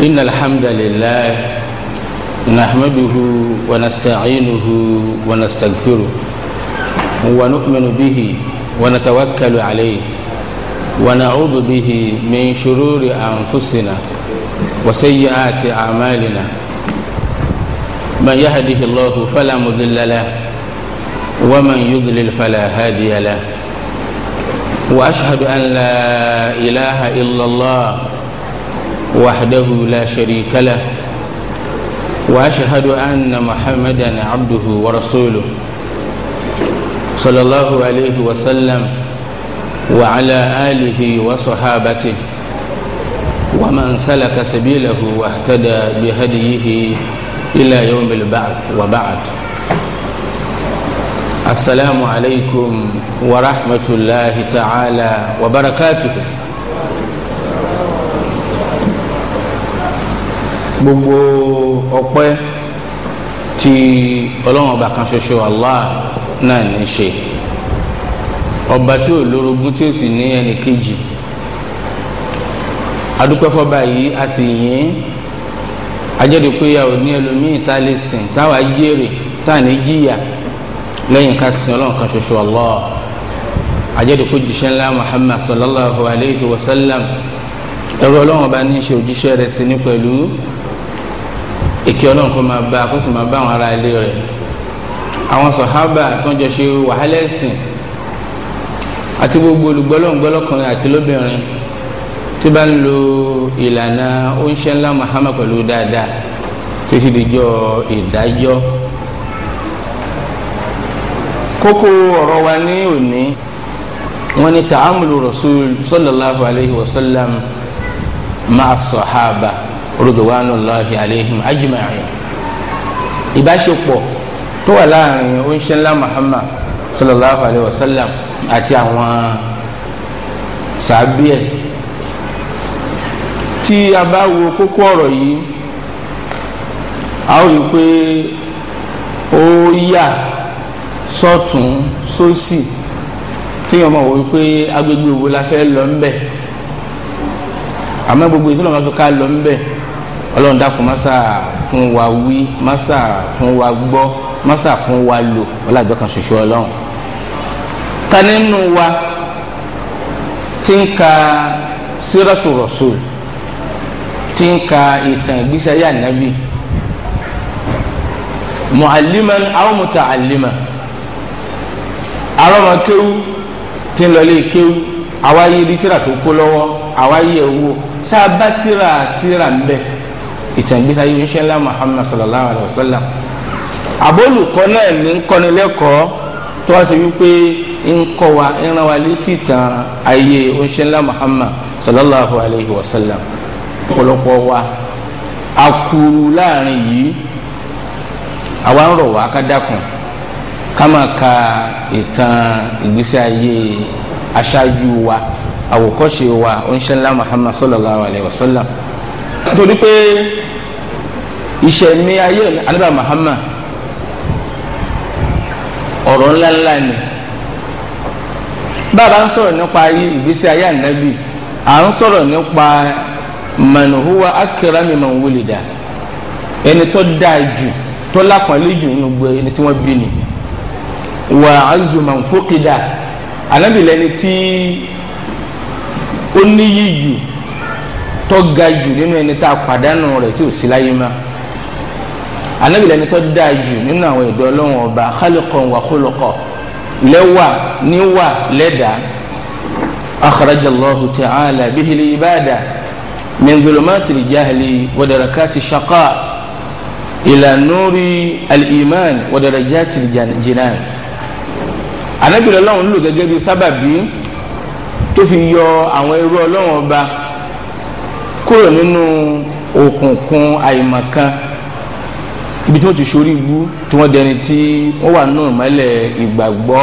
إن الحمد لله نحمده ونستعينه ونستغفره ونؤمن به ونتوكل عليه ونعوذ به من شرور أنفسنا وسيئات أعمالنا من يهده الله فلا مضل له ومن يضلل فلا هادي له وأشهد أن لا إله إلا الله وحده لا شريك له واشهد ان محمدا عبده ورسوله صلى الله عليه وسلم وعلى اله وصحابته ومن سلك سبيله واهتدى بهديه الى يوم البعث وبعد السلام عليكم ورحمه الله تعالى وبركاته gbogbo ọpẹ́ tí ọlọ́run ọba kan ṣoṣo allah náà ní ṣe ọba tí ò lórogún tí ó sì ní ẹnì kejì adúpẹ́fọ́ba yìí a sì yìn ajẹ́dẹ̀ pé a ò ní ẹlòmíì tá a lè sìn táwa jèrè tá a ní jìyà lẹ́yìn ká sin ọlọ́run kan ṣoṣo allah ajẹ́dẹ̀ pé jíṣẹ́ ńlá muhammad sallallahu alayhi wa sallam ẹ̀rọ ọlọ́run ọba ní í ṣe òjíṣẹ́ rẹ̀ sí ní pẹ̀lú ìkẹ́ ọlọ́run kó máa bá kó sì máa bá àwọn ará ilé rẹ̀ àwọn sọ̀hábà tó ń jọ ṣe wàhálà ẹ̀sìn àti gbogbo olùgbọ́lọ́ngbọ́lọ́kùnrin àti lóbìnrin tí bá ń lo ìlànà oníṣẹ́ ńlá Muhammad pẹ̀lú dáadáa tí sì dìjọ́ ìdájọ́ kókó ọ̀rọ̀ wa ní òní wọ́n ní ta'amulu rasul sallallahu alayhi wa sallam ma'a sọ̀hábà ridwanullahi alaihim ajma'in ìbáṣepọ̀ tó wà láàrin oníṣẹ́lá Muhammad sallallahu alayhi wa sallam àti àwọn sàbíẹ̀ tí a bá wo kókó ọ̀rọ̀ yìí a ó rí i pé ó yà sọ́tún sósì téèyàn máa wò ó pé agbègbè wo la fẹ́ lọ àmọ́ gbogbo ìṣẹ̀lẹ̀ wọn fi ká lọ ọlọ́run dákun masa fún wa wí masa fún wa gbọ́ masa fún wa lò ọlọ́àjọ kan ṣoṣo ọlọ́run ta nínú wa tí ń ka sírọ́tù rọ̀ṣùl tí ń ka ìtàn ìgbésí ayé ànábì mu'alliman aw muta'alliman arọ́mọ kéwú tí ń lọ lé kéwú àwa yé di tó kó lọ́wọ́ àwa yé owó sábà tíra síra ń bẹ́ẹ̀ ìtàn ìgbésí ayé oníṣẹ́ ńlá Muhammad sallallahu alayhi wa sallam àbólùkọ́ náà ní ń kọ́ni lẹ́kọ̀ọ́ tó wá sí wípé ń kọ́ wa ń rán wa létí ìtàn ayé oníṣẹ́ ńlá Muhammad sallallahu alayhi wa sallam ọ̀pọ̀lọpọ̀ wa akuru láàrin yìí àwa ń rọ̀ wá ká dákun ka ìtàn ìgbésí ayé aṣáájú wa àwòkọ́ṣe wa oníṣẹ́ ńlá Muhammad sallallahu alayhi wa sallam nítorí pé ìṣẹ̀mí ayé anábà Muhammad ọ̀rọ̀ ńláńlá ni bàbá ń sọ̀rọ̀ nípa ayé ìgbésí ayé ànábì à ń sọ̀rọ̀ nípa man huwa akrami man wulida ẹni tó dáa jù tó lápọ̀nlé jù nínú gbogbo ẹni tí wọ́n bí ni wà á zu man fuqida ànábì lẹni tí ó níyì jù tó ga jù nínú ẹni tá a pàdánù rẹ̀ tí ò sí láyé má anabi lẹni tó dáa jù nínú àwọn ẹ̀dá Ọlọ́run ọba khaliqan wa khuluqa lẹ́wà níwà lẹ́dà akhrajallahu ta'ala bihili ibada min dhulumati al-jahli wa darakati shaqa jinan anabi lọ́lọ́run lò gẹ́gẹ́ bí sábàbí tó fi àwọn ẹrú Ọlọ́run ọba kúrò nínú òkùnkùn àìmọ̀kan ibi tí wọ́n ti sori ibu tí wọ́n dẹni tí wọ́n wà nù mọ́lẹ̀ ìgbàgbọ́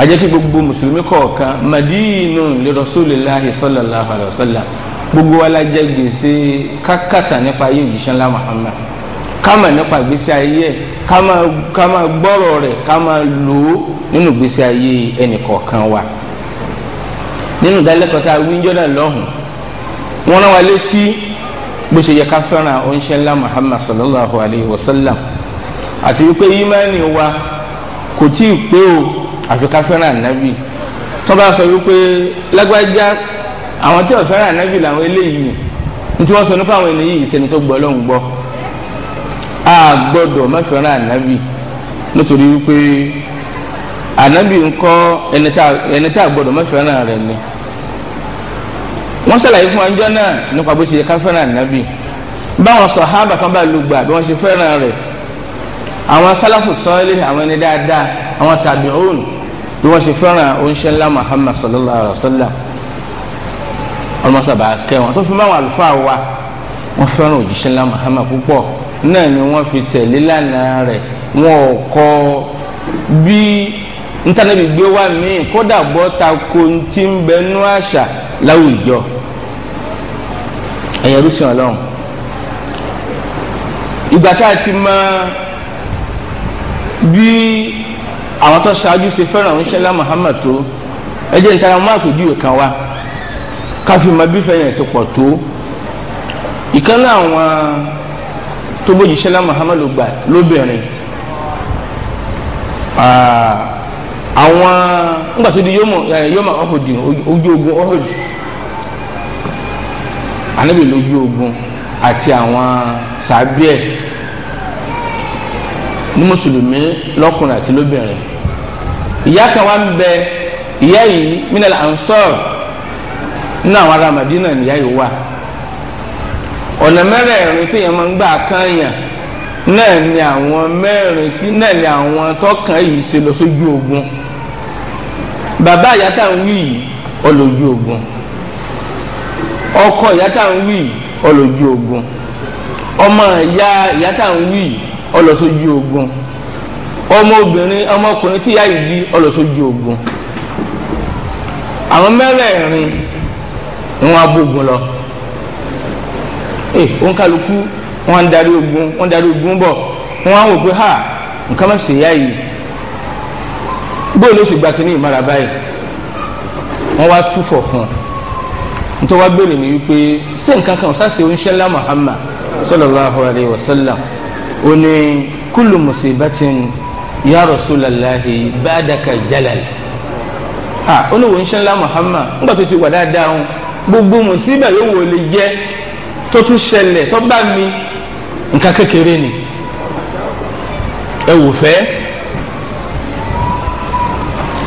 ajẹ́kí gbogbo mùsùlùmí kọ̀ọ̀kan madínú li rasulillahi sallallahu alayhi sallam gbogbo wa la jẹ gbèsè kákàtà nípa ayé òjíṣẹ́ ńlá Muhammad kama nípa ìgbésí ayé kama kama gbọ́rọ̀ rẹ̀ kama lò ó nínú ìgbésí ayé ẹnìkọ̀ọ̀kan wa nínú ìdálẹ́kọ̀ọ́ tá a wí lọ́hùn-ún wọn náà wà létí bó yẹ ká fẹ́ràn oníṣẹ́ ńlá Muhammad sallallahu alayhi wa sallam àti wípé ìmánì wa kò tí ì pé o àfi ká fẹ́ràn ànábì tó bá sọ wípé lágbájá àwọn tí ò fẹ́ràn ànábì làwọn eléyìí ní tí wọ́n sọ nípa àwọn ènìyàn yìí sẹ́ni tó gbọ́ lọ́hùn gbọ́ a gbọ́dọ̀ má fẹ́ràn ànábì nítorí wípé ànábì ńkọ́ ẹni tá a gbọ́dọ̀ má fẹ́ràn rẹ̀ ni wọ́n ṣàlàyé fún ọjọ́ náà nípa bó ṣe yẹ ká fẹ́ràn ànábì báwọn sàhábà kan bá lùgbà bí wọ́n ṣe fẹ́ràn rẹ̀ àwọn sálàfù sọ́ọ́lì àwọn ẹni dáadáa àwọn tàbíùn bí wọ́n ṣe fẹ́ràn oníṣẹ́ ńlá Muhammad sallallahu alayhi wa sallam ọlọmọsàbà kẹwọn tó fi máwọn àlùfáà wa wọ́n fẹ́ràn òjíṣẹ́ ńlá Muhammad púpọ̀ náà ni wọ́n fi tẹ̀lé lánàá rẹ̀ wọn ò kọ bí ntànàbí gbé wá míì kódà bọ́ ta ko ti bẹnu àṣà láwùjọ ẹ̀yẹ rúṣin ọlọ́run ìgbà tá a ti mọ bí àwọn tó ṣáájú ṣe fẹ́ràn àwọn ìṣẹ̀lẹ̀ Muhammad tó ẹ jẹ́ nítorí àwọn àpèjúwe kan wá ká fi mọ bí fẹ́yìn ẹ̀sìn pọ̀ tó ìkànnì àwọn tó bójú ìṣẹ̀lẹ̀ Muhammad ló gbà lóbìnrin àwọn ńgbà tó di yọmọ yọmọ ọhọdì ojú ogun ọhọdì anabi lójú ogun àti àwọn sàbíẹ ní mùsùlùmí lọkùnrin àti lóbìnrin ìyá kan wà ń bẹ ìyá yìí minal ansor nínú àwọn ará madina nìyá yìí wà ọ̀nà mẹ́rẹ̀ẹ̀rin tí yẹn máa ń gbà kányàn náà ni àwọn mẹ́rin tí náà ni àwọn tọkàn yìí ṣe lọ sójú ogun. So bàbá ìyá tá à ń wí ọlójú ogun ọkọ ìyá tá à ń wí ọlójú ogun ọmọ ìyá ìyá tá à ń wí ọlọsójú ogun ọmọ obìnrin ọmọkùnrin tí ìyá yìí bí ọlọsójú ogun àwọn mẹ́rẹ̀ẹ̀rin ni wọ́n abógun lọ ee wọn kálukú wọn darí ogun wọn darí ogun bọ wọn á wò pé ha nǹkan má ṣe ìyá yìí bóyá ló ṣe gba kínní ìmára báyìí wọ́n wá túfọ̀ fún un nítorí wá béèrè mi wípé ṣé nǹkan kan ṣáṣe oníṣẹ́ ńlá Muhammad sallallahu alayhi wa sallam ó ní kullu musibatin ya rasulallahi ba'daka jalal ha olówó oníṣẹ́ ńlá Muhammad nígbà tó ti wà dáadáa ń gbogbo mùsíbà yóò wò lè jẹ́ tó tún ṣẹlẹ̀ tó bá mi nǹkan kékeré ni ẹ wò fẹ́ẹ́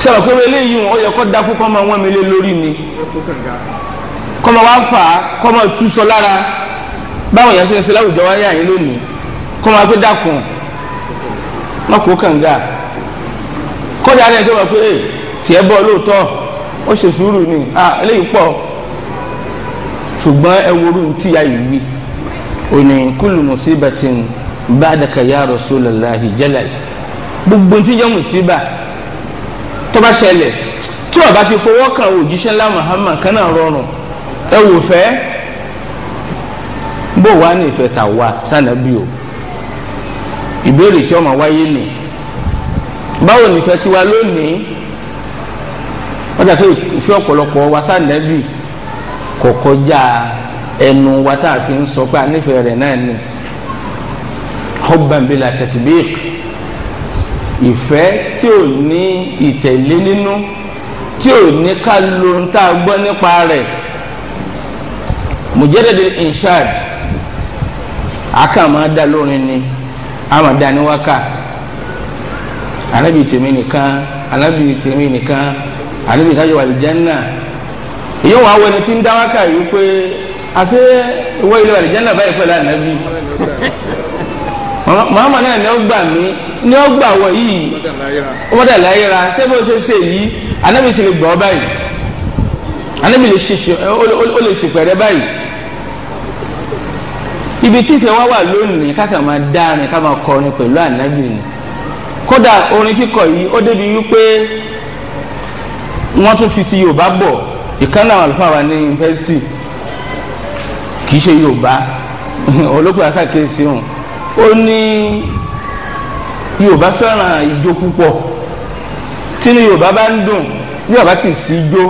sọ̀rọ̀ pé eléyìí ó yẹ kó dákú kó máa wọ́n mi lé lórí mi kó máa wá fà á kó máa tú sọ lára báwọn èèyàn ṣe ń ṣe láwùjọ wá yà yín lónìí kó máa pé dákun má kó kànga kódà ní ẹjọ́ wà pé tiẹ̀ bọ́ lóòótọ́ ó ṣe sùúrù ni eléyìí pọ̀ ṣùgbọ́n ẹ worú tí ya yìí wí òní kúlù mùsíbà tí ń bá dàkà ya Rasulullahi jẹ́lẹ̀ gbogbo tí jẹ́ mùsíbà tó bá ṣẹlẹ̀ tí ó bá ti fọwọ́ kan òjíṣẹ́ ńlá Muhammad kan náà rọrùn ẹ wò fẹ́ bó wàá ní ìfẹ́ tà wá sànàbí o ìbéèrè tí ọmọ wáyé ni báwo nífẹ̀ẹ́ tiwa lónìí wọ́n dàgbé ìfẹ́ ọ̀pọ̀lọpọ̀ wa sànàbí kò ẹnu wa tá a fi ń sọ pé a nífẹ̀ẹ́ rẹ̀ náà ni hubban bila ìfẹ́ tí ò ní ìtẹ̀lé nínú tí ò ní ká lo ohun tá a gbọ́ nípa rẹ̀ mujadadil inshad aka máa da lórin ni a máa da ní wákà anabi tèmi nìkan anabi tèmi nìkan anabi tájọ wàlìjánà èyí wọn awọ ẹni tí ń dá wákà yìí pé àṣẹ wọ́n ilé wàlìjánà báyìí pẹ̀lú anabi màmá náà ni ó gbà mí ni ó gbà wọ yìí ó bọ́dà láyéra ṣé bó ṣe ṣe yìí anábì ṣe lè gbọ́ báyìí anábì lè ṣe ó lè ṣèpẹ̀rẹ̀ báyìí ibi tí ìfẹ́ wa wà lónìí káàkiri máa dárin ká máa kọrin pẹ̀lú anábì ni kódà orin kíkọ yìí ó débi wípé wọ́n tún fi ti Yorùbá bọ̀ ìkànnì àwọn àlùfáà wa ní yunifásitì kì í ṣe Yorùbá olókùn àṣà kìí ṣe òun ó ní yorùbá fẹ́ràn ijó púpọ̀ tínú yorùbá bá ń dùn yorùbá ti sí ijó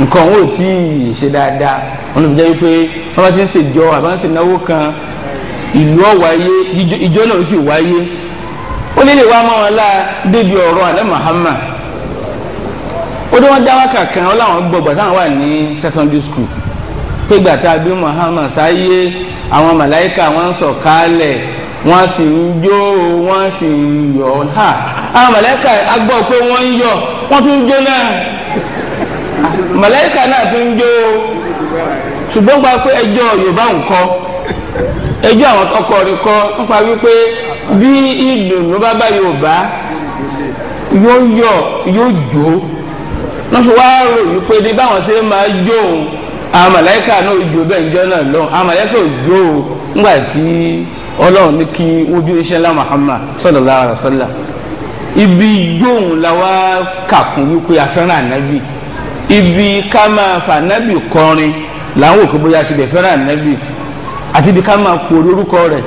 nǹkan wo tí ì ṣe dáadáa wọn lè jẹ́ pé wọ́n bá ti ń ṣèjọ àbá ń ṣe náwó kan ìlú ọ̀wáyé ijó náà sì wáyé ó lè lè wá mọ́ wọn láà débi ọ̀rọ̀ àlẹ́ Muhammad ó dé wọ́n dá wákà kan ọ́ làwọn gbọ́ gbà táwọn wà ní secondary school pé gbàtà bí Muhammad sáyé àwọn màláìka wọn ń sọ̀kalẹ̀ wọ́n sì ń jó wọ́n sì ń yọ̀ ha àwọn màláìka agbọ́ pé wọ́n ń yọ̀ wọ́n tún ń jó náà màláìka náà tún ń jó ṣùgbọ́n gba pé ẹjọ́ Yorùbá ń kọ́ ẹjọ́ àwọn tọkọ rẹ kọ́ nípa wípé bí ìdùnnú bá bá Yorùbá yóò yọ̀ yóò jó lọ́sọ̀ wá rò wípé ní báwọn ṣe máa jó òun àwọn náà jó bẹ́ẹ̀ njọ́ náà lọ́wọ́ àwọn mọ̀lẹ́kà o ńgbà tí ọlọ́run ní kí ibi yóòhùn la kàkún wípé afẹ́ràn ànábì ibi ká máa fà ànábì kọrin làwọn òkè bóyá ti bẹ̀ ànábì àti ibi ká máa pò lórúkọ rẹ̀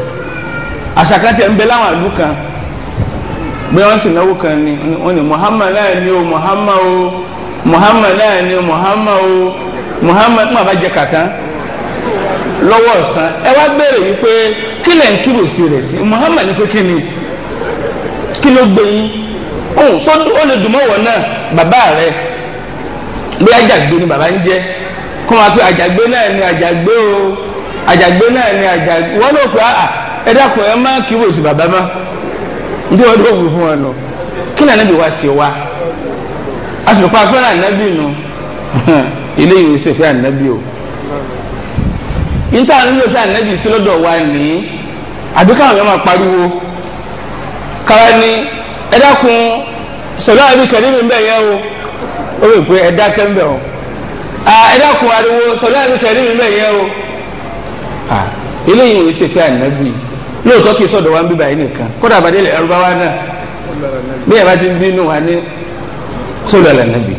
n'be ń bẹ láwọn kan bí wọ́n sì náwó o Muhammad o Muhammad náà o Muhammad o. Muhammad mu bá kata lọwọ ọ̀sán ẹ wá wípé kí lẹ̀ ń kírò sí sí Muhammad ní pé kí ni kí ló gbé yín òun sọ́dún ó lè dùn mọ́wọ́ náà bàbá bí ni bàbá ń jẹ kó máa pe àjàgbé náà ni o ajagbe náà ni fún nù kí wa a sì rò pé eléyìí ṣe fẹ́ ànábì o níta nílò fẹ́ ànábì sí lọ́dọ̀ wa ní àbí káwọn yẹn máa pariwo káwa ni ẹ dákun sọlá àbí kẹrìmì ń bẹ yẹn o ó rò pé ẹ dákẹ́ ń bẹ o ẹ dákun ariwo sọlá àbí kẹrìmì ń bẹ yẹn o eléyìí ṣe fẹ́ ànábì lóòótọ́ kì í sọ̀dọ̀ wa ń bíbá yìí nìkan kódà àbádé ilẹ̀ ẹ̀rú bá wa náà bí ẹ bá ti ń bínú wa ní sọ̀dọ̀ ànábì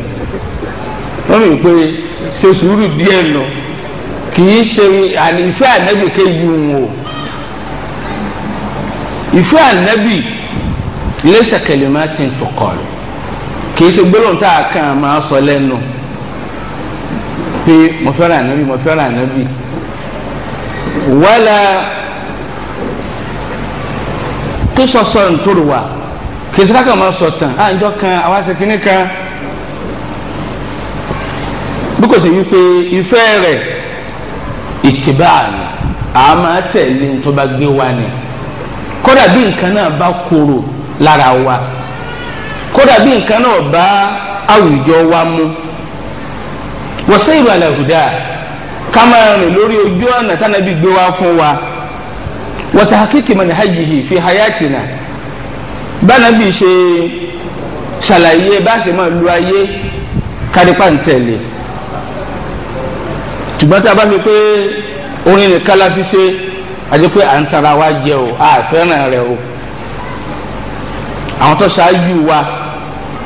wọ́n mi pé ṣe sùúrù díẹ̀ nù kì í ṣe ìfẹ́ ànábì kéyìí wọn o ìfẹ́ ànábì laysa kalimatin tuqal kì í ṣe gbólóhùn tá a kàn máa sọ lẹ́nu pé mo fẹ́ràn ànábì mo fẹ́ràn ànábì wala kí sọ sọ ntòrò wa kì í ṣe ká kàn máa sọ tán à ń jọ kan àwa ṣe kínní kan bí kò sí wípé ìfẹ́ rẹ̀ ìtìbá ni a máa tẹ̀lé tó bá gbé wa ni kódà bí nǹkan náà bá korò lára wa kódà bí nǹkan náà bá àwùjọ wa mu wọ́sẹ̀ ìbàlẹ̀ hùdà ká máa rìn lórí ojú ọ̀nà tánàbí gbé wa fún wa wọ́tà hakiki mọ̀ ní hajjihi fi hayatina bánàbí ṣe ṣàlàyé bá ṣe máa lu ayé kárípà ń tẹ̀lé ṣùgbọ́n tí a bá ní pé orin nìkan la fi ṣe a jẹ́ pé à ń tara wa jẹ o a fẹ́ràn rẹ o àwọn tó ṣáájú wa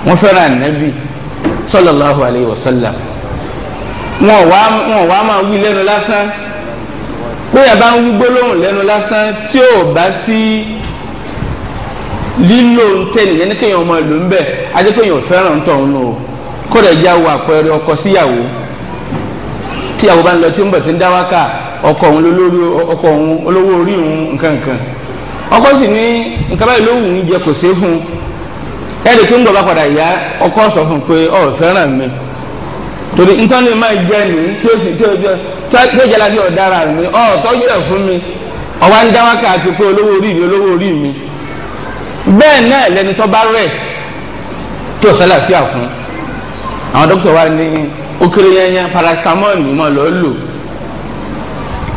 wọ́n fẹ́ràn nẹ́bí sallallahu alayhi wa sallam wọn wá wọn wá máa wí lẹ́nu lásán bóyá bá ń wí gbólóhùn lẹ́nu lásán tí ò bá sí lílo ntẹni yẹn ní kéèyàn ọmọ ìlú ń bẹ a pé èèyàn fẹ́ràn ń o kó dẹ̀ já wo àpẹẹrẹ ọkọ síyàwó. Si tíyàwó bá ń lọ tí ń bọ̀ tí ń dá wákà ọkọ òun lólórí ọkọ òun olówó orí òun ọkọ sì ní nǹkan ló wù ń jẹ kò sé fún pé ń bá padà yá sọ fún pé fẹ́ràn mi torí ntọ́ni máa jẹ ní tí ó sì tí ó jẹ tí ó ọ̀daràn mi tọ́jú ẹ̀ fún mi ó kéré yẹnyẹn paracetamol ni mo lọ lò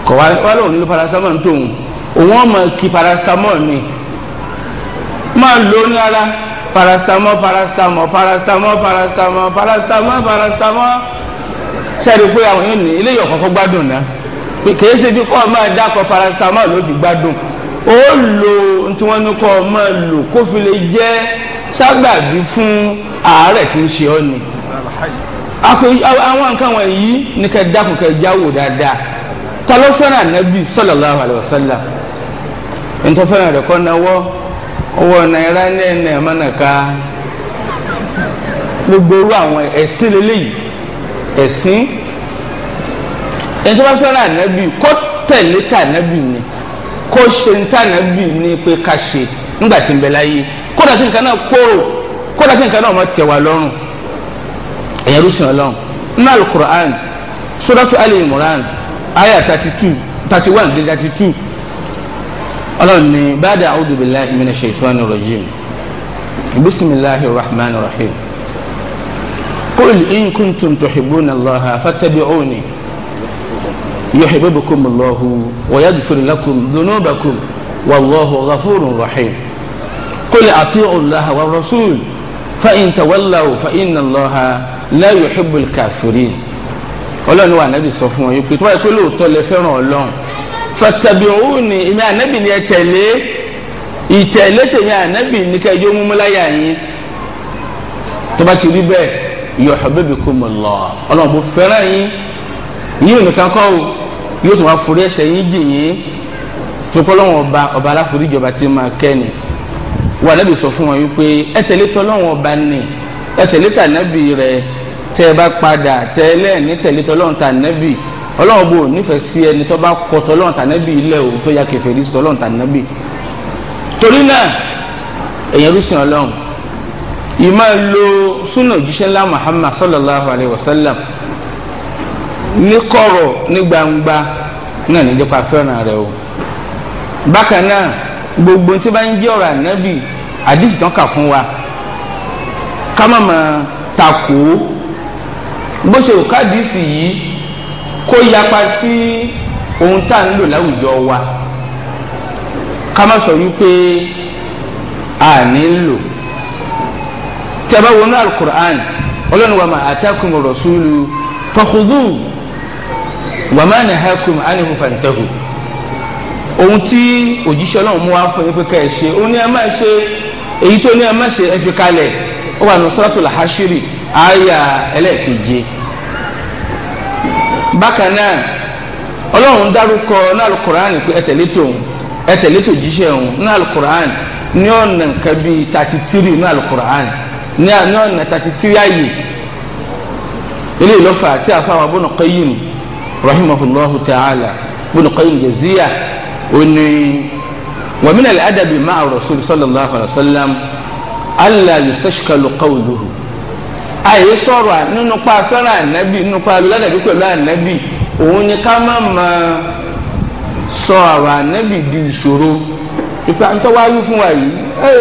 kọ wá wá lóun lo paracetamol tóun òun ọmọ kí paracetamol ni máa lò ní ara paracetamol paracetamol paracetamol paracetamol paracetamol paracetamol sẹ́ẹ̀rì pé àwọn yóò ní ilé ìyọ̀kọ̀kọ̀ gbádùn náà kìí ṣe bí kọ́ ọ máa dákọ̀ paracetamol ló fi gbádùn ó lò tí wọ́n ní kọ́ ọ máa lò kó lè jẹ́ sábàbí fún àárẹ̀ tí ń ṣe ọ́ ni àwọn nǹkan wọ̀nyí ní ká dákun ká jáwò dáadáa ta ló fẹ́ràn ànábì sallallahu alayhi wa sallam ntọ́ fẹ́ràn rẹ̀ kọ́ náwó owó náírà ní ẹ̀nà ẹ̀mọ́nàká gbogbo irú àwọn ẹ̀sìn lélẹ́yìí ẹ̀sìn ẹ̀ntọ́ bá ni kó ṣe ń tà ànábì ni pé ká ṣe nígbà tí ń bẹ láyé ẹ̀yẹ rúṣin ọlọ́run nínú alukur'an suratu ali imran aya thirty two thirty one dé thirty two ọlọ́run ní báyìí a'udhu billahi minash shaitani rajim bisimilahi rahman rahim qul in kuntum tuhibbuna allaha fattabi'uni yuhibbukum allahu wa yaghfir lakum dhunubakum wallahu ghafurun rahim qul ati'u allaha wa rasul fa in tawallaw fa la yuhibbul kafirin ọlọ́run wa anabi sọ fún wọn yìí pé tí wọ́n yẹ pé lóòótọ́ lẹ fẹ́ràn ọlọ́run fattabi'uni ìmí anabi ni ẹ tẹ̀lé ìtẹ̀lé tèmi anabi ni kẹjọ múmúláyà yín tó bá ti rí bẹ́ẹ̀ yuhibbukumullah ọlọ́run bó fẹ́ràn yín yín nìkan kọ́ o yóò tún wá forí ẹ̀ṣẹ̀ yín jì yín tó kọ́ ọba ọba aláforíjọba tí máa kẹ́ wà anabi sọ fún wọn yìí pé ẹ tẹ̀lé tọ́lọ́wọ́n ọba ni ẹ tẹ̀lé tànàbì rẹ̀ tẹ́ ẹ bá padà tẹ́ ẹ lẹ́ẹ̀ ní tẹ̀lé tọ́lọ́run tà nẹ́bì nífẹ̀ẹ́ sí ẹni bá kọ nẹ́bì ilẹ̀ òun tó ya sí tọ́lọ́run nẹ́bì torí náà ìmọ̀ lo súnà òjíṣẹ́ ńlá Muhammad sallallahu alayhi wa sallam ní kọ̀rọ̀ ní gbangba náà ní o bákan náà gbogbo tí bá ń jẹ́ bó ṣe òkàdísì yìí kó yapa sí ohun tá à ń lò láwùjọ wa ká má sọ wípé a ní lò tẹ́bá wọnú alukur'an ọlọ́run wa ma atakum rasulu fakhudhu wa ma nahakum anhu fantahu ohun tí òjíṣẹ́ ọlọ́run mú wá fún yín pé ká ẹ ṣe ó ní ẹ má ṣe èyí tó ní ẹ má ṣe ẹ fi kalẹ̀ ó wà ní suratul hashiri àyà ẹlẹ́ẹ̀keje bákan náà ọlọ́run dárúkọ ní alukur'an pé ẹ tẹ̀lé tòun ẹ tẹ̀lé tó jíṣẹ́ òun ní alukur'an ní ọ̀nà nǹkan bíi thirty three ní alukur'an ní ọ̀nà thirty three ayé ilé ìlọ́fà àti àfàwọn Ibn Qayyim rahimahullahu ta'ala Ibn Qayyim Jawziyya oní wa min al ma'a rasul sallallahu alayhi wa sallam alla yustashkalu qawluhu àyè sọ̀rọ̀ nínú pa fẹ́ràn ànábì nínú pa lọ́dàbí pẹ̀lú ànábì òun ni ká má máa sọ ọ̀rọ̀ ànábì di ìṣòro ìpè àǹtọ́wá wí fún wa yìí ẹ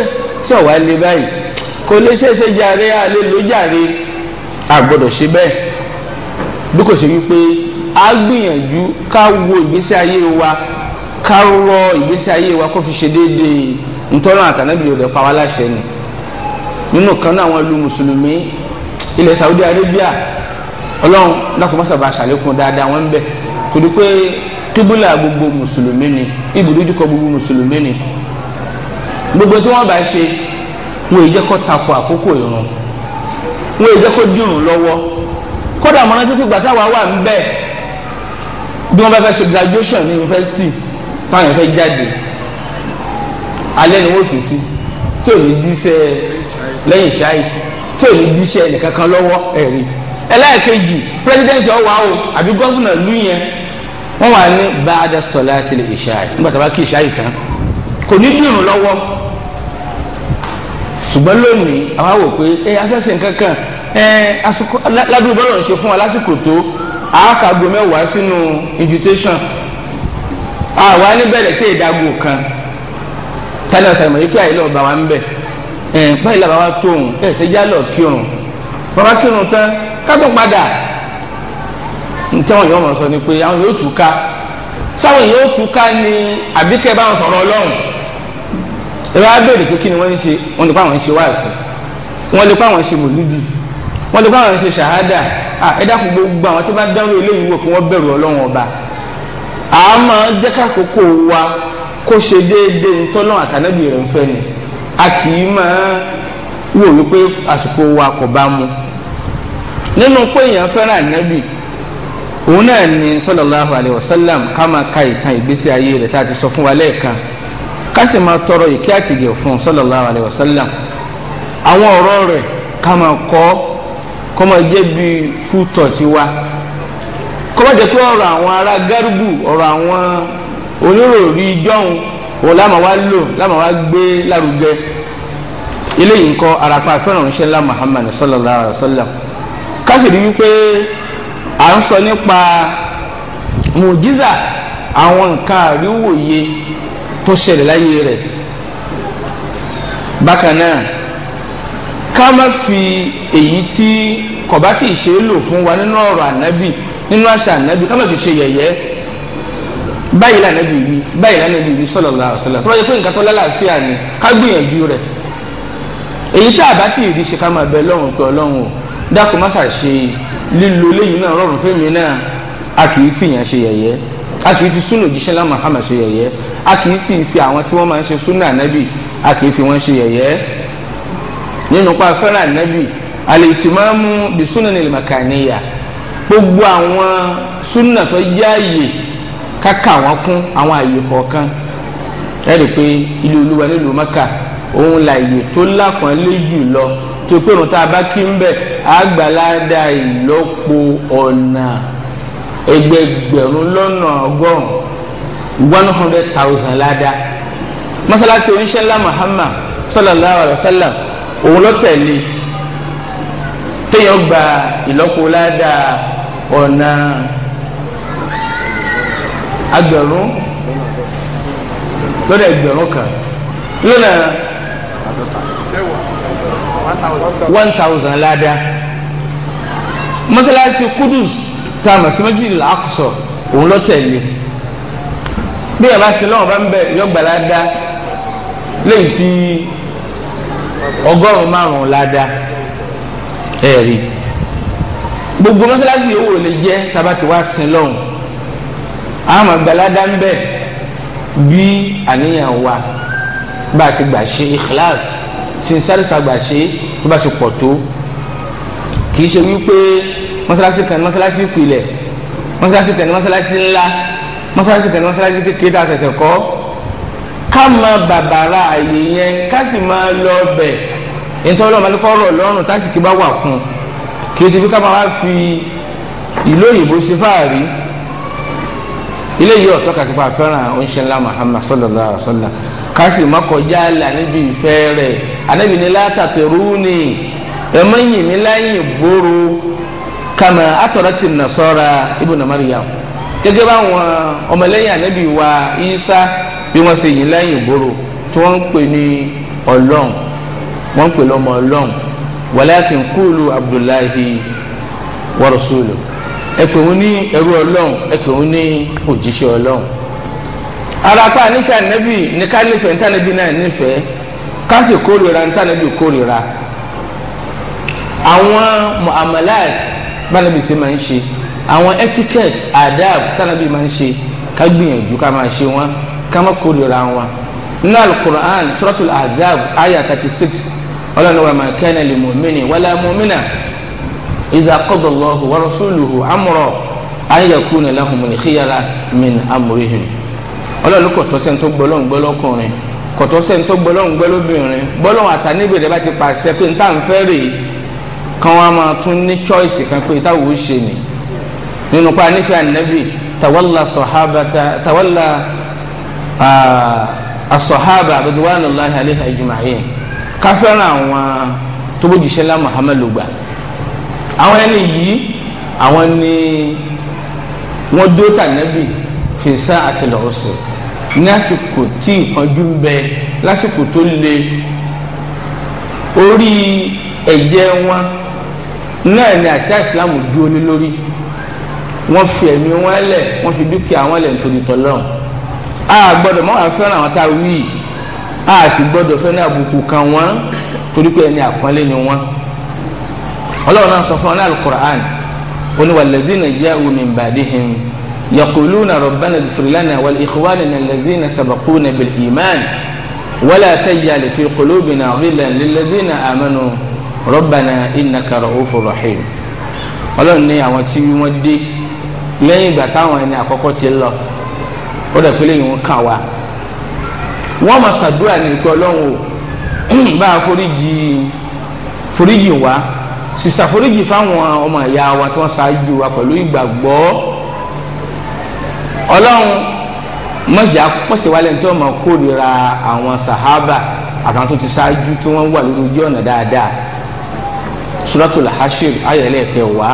tí ọ̀wá lé báyìí kò lè ṣeéṣe jàre àlè ló jàre àgbọ̀dọ̀ ṣe bẹ́ẹ̀ bí kò ṣe wípé a gbìyànjú ká wo ìgbésí ayé wa ká rọ ìgbésí ayé wa kó fi ṣe déédéé ntọ́nà àtànábì rẹ̀ pa wá láṣẹ ni nínú kan náà àwọn ìlú mùsùlùmí ilẹ̀ Saudi Arabia ọlọ́run lákòmọ́sà bá ṣàlékún dáadáa wọn bẹ̀ torí pé kíbúlà gbogbo mùsùlùmí ni ibùdójúkọ gbogbo mùsùlùmí ni gbogbo tí wọ́n bá ṣe wọn èjẹ́ kó takò àkókò ìrun wọn èjẹ́ kó dìrùn lọ́wọ́ kódà mọ́ná tí pípa táwa wà ń bẹ̀ bí wọ́n bá fẹ́ ṣe graduation ní yunifásitì táwọn fẹ́ jáde alẹ́ ni wọ́n fi sí tí ò ní díṣẹ́ lẹ́yìn ṣáì tèmi díṣẹ́ ẹnìkankan lọ́wọ́ ẹ̀rí ẹlẹ́ẹ̀kejì pírẹsidẹ́ǹtì ọ̀wá o àbí gọ́vùnà lú yẹn wọ́n wà ní báadà sọ̀láàtì ìṣáì nígbà tó bá kí ìṣáì tán kò ní dìrùn lọ́wọ́ ṣùgbọ́n lónìí àwọn àwò pé ẹ afẹ́sẹ̀ kankan ẹ àsìkò ládùúgbò bọ́lọ̀ ń ṣe fún wa lásìkò tó àákàgbo mẹ́wàá sínú invitation àwa níbẹ̀rẹ̀ tí èdè àgbo kan tani ọ̀sán ìmọ̀ yìí pé àyè lọ́ọ́ bá wa ń bẹ̀ ẹ báyìí làwọn wa tó òun ẹ ṣe jálọ kírun bàbá kírun tán kátó padà ntẹ́wọ̀n yóò mọ̀ sọ ni pé àwọn yóò tú sáwọn yóò tú ni àbíkẹ́ bá wọn sọ̀rọ̀ ọlọ́run ẹ bá béèrè pé kí ni wọ́n ń ṣe wọ́n lè pa àwọn ń ṣe wáàsí wọ́n lè pa àwọn ń ṣe mòlúdì wọ́n lè pa àwọn ń ṣe ṣàhádà ẹ dákun gbogbo àwọn tí wọ́n bá dánwó eléyìí wò kí wọ́n bẹ̀rù ọlọ́run ọba àmọ́ jẹ́ ká wa kó ṣe déédéé ntọ́lọ́ àtànẹ́bì ń fẹ́ ni a kì í máa wò wípé àsìkò wa kò bá mu nínú pé èèyàn fẹ́ràn ànábì òun náà ni sallallahu alayhi wa sallam ká máa ka ìtàn ìgbésí ayé rẹ̀ tá a ti sọ fún wa lẹ́ẹ̀kan ká sì máa tọrọ ìkẹ́ àtìgẹ̀ fún sallallahu alayhi wa sallam àwọn ọ̀rọ̀ rẹ̀ ká máa kọ́ kọ́ máa jẹ́ bí fútọ̀ tiwa kọ́ máa jẹ́ pé ọ̀rọ̀ àwọn ará gárùgù ọ̀rọ̀ àwọn oníròrí jọ́hun òun láàmà wá lò láàmà wá gbé lárugẹ eléyìí nǹkan arapa fẹ́ràn ránṣẹ́ ńlá Muhammad sallallahu alayhi wa sallam kásìrí wípé à ń sọ nípa mùjíza àwọn nǹkan àríwòye tó ṣẹlẹ̀ láyé rẹ̀ bákan náà ká má fi èyí tí kò bá tí ì ṣe é lò fún wa nínú ọ̀rọ̀ ànábì nínú àṣà ànábì ká má fi ṣe yẹ̀yẹ́ báyìí lànà bí wí báyìí lànà bí wí sallallahu alaihi wasallam tó yẹ pé nǹkan tó lálàáfíà ni ká gbìyànjú rẹ̀ èyí tá a bá tì í rí ṣe ká máa bẹ lọ́run pé ọlọ́run o dákun má ṣàṣe lílo léyìn náà rọrùn fẹ́mi náà a kì í fìyàn ṣe yẹ̀yẹ́ a kì í fi súnà òjíṣẹ́ lá Muhammad ṣe yẹ̀yẹ́ a kì í sì fi àwọn tí wọ́n máa ń ṣe súnà ànábì a kì í fi wọ́n ṣe yẹ̀yẹ́ nínú pa fẹ́ràn ànábì al-ihtimamu bi sunanil makaniyya gbogbo àwọn súnà tó jẹ́ kaka wọn kún àwọn àyè kọ̀ọ̀kan ẹ pé ilé olúwa nílùú maka òun la tó lápọ̀nlé jù lọ tó pé òun tá a bá kí ń bẹ̀ àgbàládà ìlọ́po ọ̀nà ẹgbẹgbẹ̀rún lọ́nà ọgọ́rùn one hundred thousand ládàá masalasi sallallahu wa sallam òun tẹ̀lé téèyàn gba agbẹ̀rún lọ́dọ̀ ẹgbẹ̀rún kan lọ́nà one thousand ládàá mọ́sálásí kudus tá a mọ̀ sí méjì làákùsọ òun lọ tẹ̀lé bí ẹ̀ bá sin lọ́wọ́ bá ń bẹ̀ yọgbà ládàá lẹ́yìn tí ọgọ́rùn-ún márùn-ún ládàá ẹ̀rí gbogbo mọ́sálásí yòówù lè jẹ́ tá a bá ti wá sin lọ́hùn àmọ́ gbalada ń bẹ bí àníyàn wa bá a ṣe gbà ṣe ikhlas sincere ta gbà ṣe tó bá ṣe pọ̀ tó kì í ṣe wípé mọ́sálásí kan ní mọ́sálásí ìpìlẹ̀ mọ́sálásí kan ní mọ́sálásí ńlá mọ́sálásí kan ní mọ́sálásí kékeré tá a ṣẹ̀ṣẹ̀ kọ́ ká máa bàbàrà àyè yẹn ká sì máa lọ bẹ̀ nítorí ọmọdé kọ́ rọ̀ lọ́rùn tásìkì bá wà fún un kì í ṣe bí ká máa wá fi ìlú òyìnbó ṣe fáàrí ilé yìí ọ̀tọ́ kà sí pa fẹ́ràn oníṣẹ́lá Muhammad sallallahu alaihi wa sallam ká sì má kọjá là níbi ìfẹ́ rẹ̀ anábì ní látàtẹ̀rù ni ẹ má yìn mí láyìn bóró kàmá àtọ̀rọ̀ ti nà sọ́ra ibùnà Maryam gẹ́gẹ́ báwọn ọmọlẹ́yìn anábì wa Isa bí wọ́n ṣe yìn láyìn bóró tí wọ́n ń pè ní ọlọ́run wọ́n ń pè lọ́mọ ọlọ́run walakin kúlù Abdullahi wa ẹ pè wọ́n ní ẹrú ọlọ́run ẹ pè wọ́n ní òjíṣẹ́ ọlọ́run arapa nífẹ̀ẹ́ ànábì nìka nífẹ̀ẹ́ ntànàbì náà nífẹ̀ẹ́ kásì kórìíra ntànàbì kórìíra àwọn muamalat bánàbì sì máa ń ṣe àwọn etiquette adab tànàbì máa ń ṣe ká gbìyànjú ká máa ṣe wọn ká má kórìíra wọn nínú alukur'an suratul azab ayah thirty six ọlọ́run wa ma kana lil mu'mini wala mu'mina. إذا qada الله ورسوله أمره amran يكون yakuna lahumul khiyara min amrihim ọlọ́run kò tọ́ sẹ́ni tó gbọ́lọ́ gbọ́lọ́kùnrin kò tọ́ sẹ́ni tó gbọ́lọ́ gbọ́lọ́bìnrin gbọ́lọ́ àtàníbèrè bá ti pàṣẹ pé níta ń fẹ́ rèé kan wọ́n á máa tún ní choice kan pé táwọn ò ṣe ni nínú pa nífẹ̀ẹ́ ànábì tawalla sọ̀hábàtà tawalla asọ̀hábà abdulwanallahi alayhi ajma'in káfẹ́ràn àwọn tó bójúṣẹ́lá muhammadu gbà àwọn ẹni yìí àwọn ni wọ́n dó tànàbì fi sá àtìlọ́sẹ̀ ní àsìkò tí ìpọ́njú ń bẹ lásìkò tó le orí ẹ̀jẹ̀ wọn náà ni àṣà ìsìlámù dúró lé lórí wọ́n fi ẹ̀mí wọn lẹ̀ wọ́n fi dúkìá wọn lẹ̀ nítorí tọ́lọ́run a gbọ́dọ̀ mọ́ àwọn fẹ́ràn àwọn tá a wí a sì gbọ́dọ̀ fẹ́ àbùkù kan wọ́n torí pé ẹni àpọ́nlé ni wọ́n ọlọ́run náà sọ fún ọ ní alukur'an oníwàlẹ́dínà jẹ́ omi ìbàdíhìn يقولون ربنا اغفر لنا ولإخواننا الذين سبقونا بالإيمان ولا تجعل في قلوبنا غلا للذين آمنوا ربنا إنك رؤوف رحيم Ọlọ́run ní àwọn tí wọ́n dé lẹ́yìn ìgbà táwọn ẹni àkọ́kọ́ ti lọ ó dẹ pélé yìí ń kàn wá wọ́n máa ṣàdúrà ní ìpè Ọlọ́run o bá a foríjì foríjì wá sísàforíjì fáwọn ọmọ ìyá wa tó ń ṣáájú wa pẹ̀lú ìgbàgbọ́ ọlọ́run mọ̀jà pọ̀sẹ̀wálẹ̀ tó mọ̀ kórìíra àwọn sàhábà àtàwọn tó ti ṣáájú tí wọ́n wà lórí ojú ọ̀nà dáadáa suratul hashir ayẹlẹ kẹwàá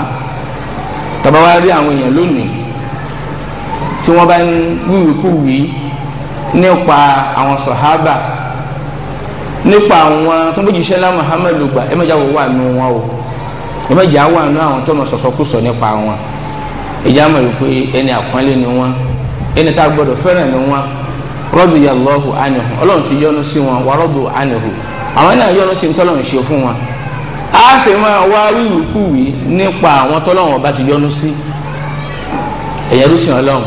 tọba wa rí àwọn èèyàn lónìí tí wọ́n bá ń wíwìkúwì nípa àwọn sàhábà nípa àwọn tó ń bójú iṣẹ́ lá Muhammadu gbà ẹ mọ̀jà wọ́n wà nù wọn o ẹ mẹjọ àwọn àánú àwọn tó mọ sọsọkúsọ nípa wọn ìjà mọ̀ wípé ẹni àpọ́nlé ni wọn ẹni tá a gbọdọ̀ fẹ́ràn ni wọn radiyallahu anhu ọlọ́run ti yọ́nú sí wọn wa radu anhu àwọn náà yọ́nú sí tọ́lọ́run ṣe fún wọn a sì máa wá wíwìkúwì nípa àwọn tọ́lọ́run ọba ti yọ́nú sí ẹ̀yẹ rúṣin ọlọ́run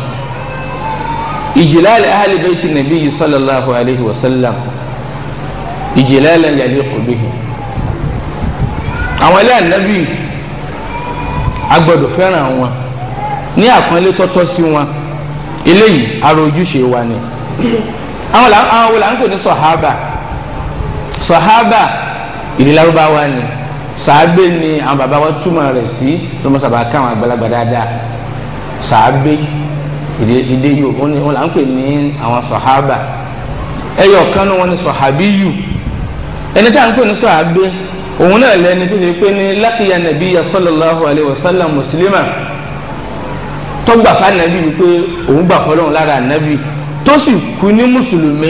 ìjìláàlẹ̀ ahli bayti nabiyyi sallallahu alayhi wa sallam ìjìláàlẹ̀ yaliqu bihi àwọn ilé ànábì agbọ́dọ̀ fẹ́ràn wọn ní àpọ́nlé tọ́tọ́ sí wọn eléyìí ara ojúṣe wa ni àwọn wo là ń pè ní sọ̀hábà sọ̀hábà ìdílárúbáwá ni sàábé ni àwọn bàbá wa túmọ̀ rẹ̀ sí lọ́mọ́sàbà káwọn àgbàlagbà dáadáa sàábé ìdè yìí wọn là ń pè ní àwọn sọ̀hábà ẹ̀yọ̀ kan ní wọn ni sọ̀hábíyù ẹni tá à ń pè ní sọ̀hábé òun náà lẹni tó ṣe pé ní lákìyà nàbí sallallahu alayhi wa sallam mùsùlùmá tó gbà fún anabi wípé òun gbà fọlọ́run lára anabi tó sì kú ní mùsùlùmí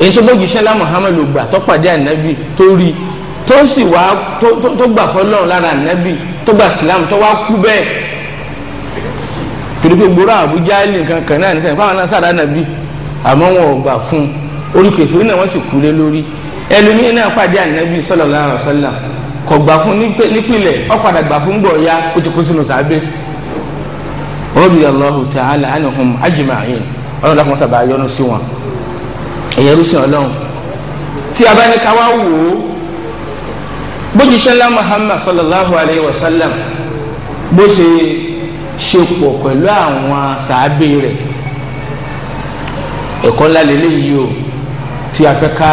èyí tó bójú sẹ́lá muhammadu gbà tó pàdé anabi tó rí tó sì wá tó gbà fọlọ́run lára anabi tó gbà sílámù tó wá kú bẹ́ẹ̀ torí pé gbòòrò àbújá nìkan kan náà nísàlẹ̀ fáwọn náà sára anabi àmọ́ wọn ò gbà fún orí náà wọ́n sì kú lé lórí. elu náà pàdé ànábì sallallahu alaihi wasallam kò gbà fún nípìnlẹ̀ ó padà gbà fún gbọ̀ọ́yà kó ti kó sínú sàbẹ̀ radiyallahu ta'ala anhum ajma'in ọlọ́run lápò sábà yọ́nú sí wọn ẹ̀yẹ rúṣin tí a bá ní ká wá wò ó Muhammad sallallahu alayhi wa sallam bó ṣe ṣe pọ̀ pẹ̀lú àwọn sàábé ẹ̀kọ́ ńlá lélẹ́yìí tí a fẹ́ ká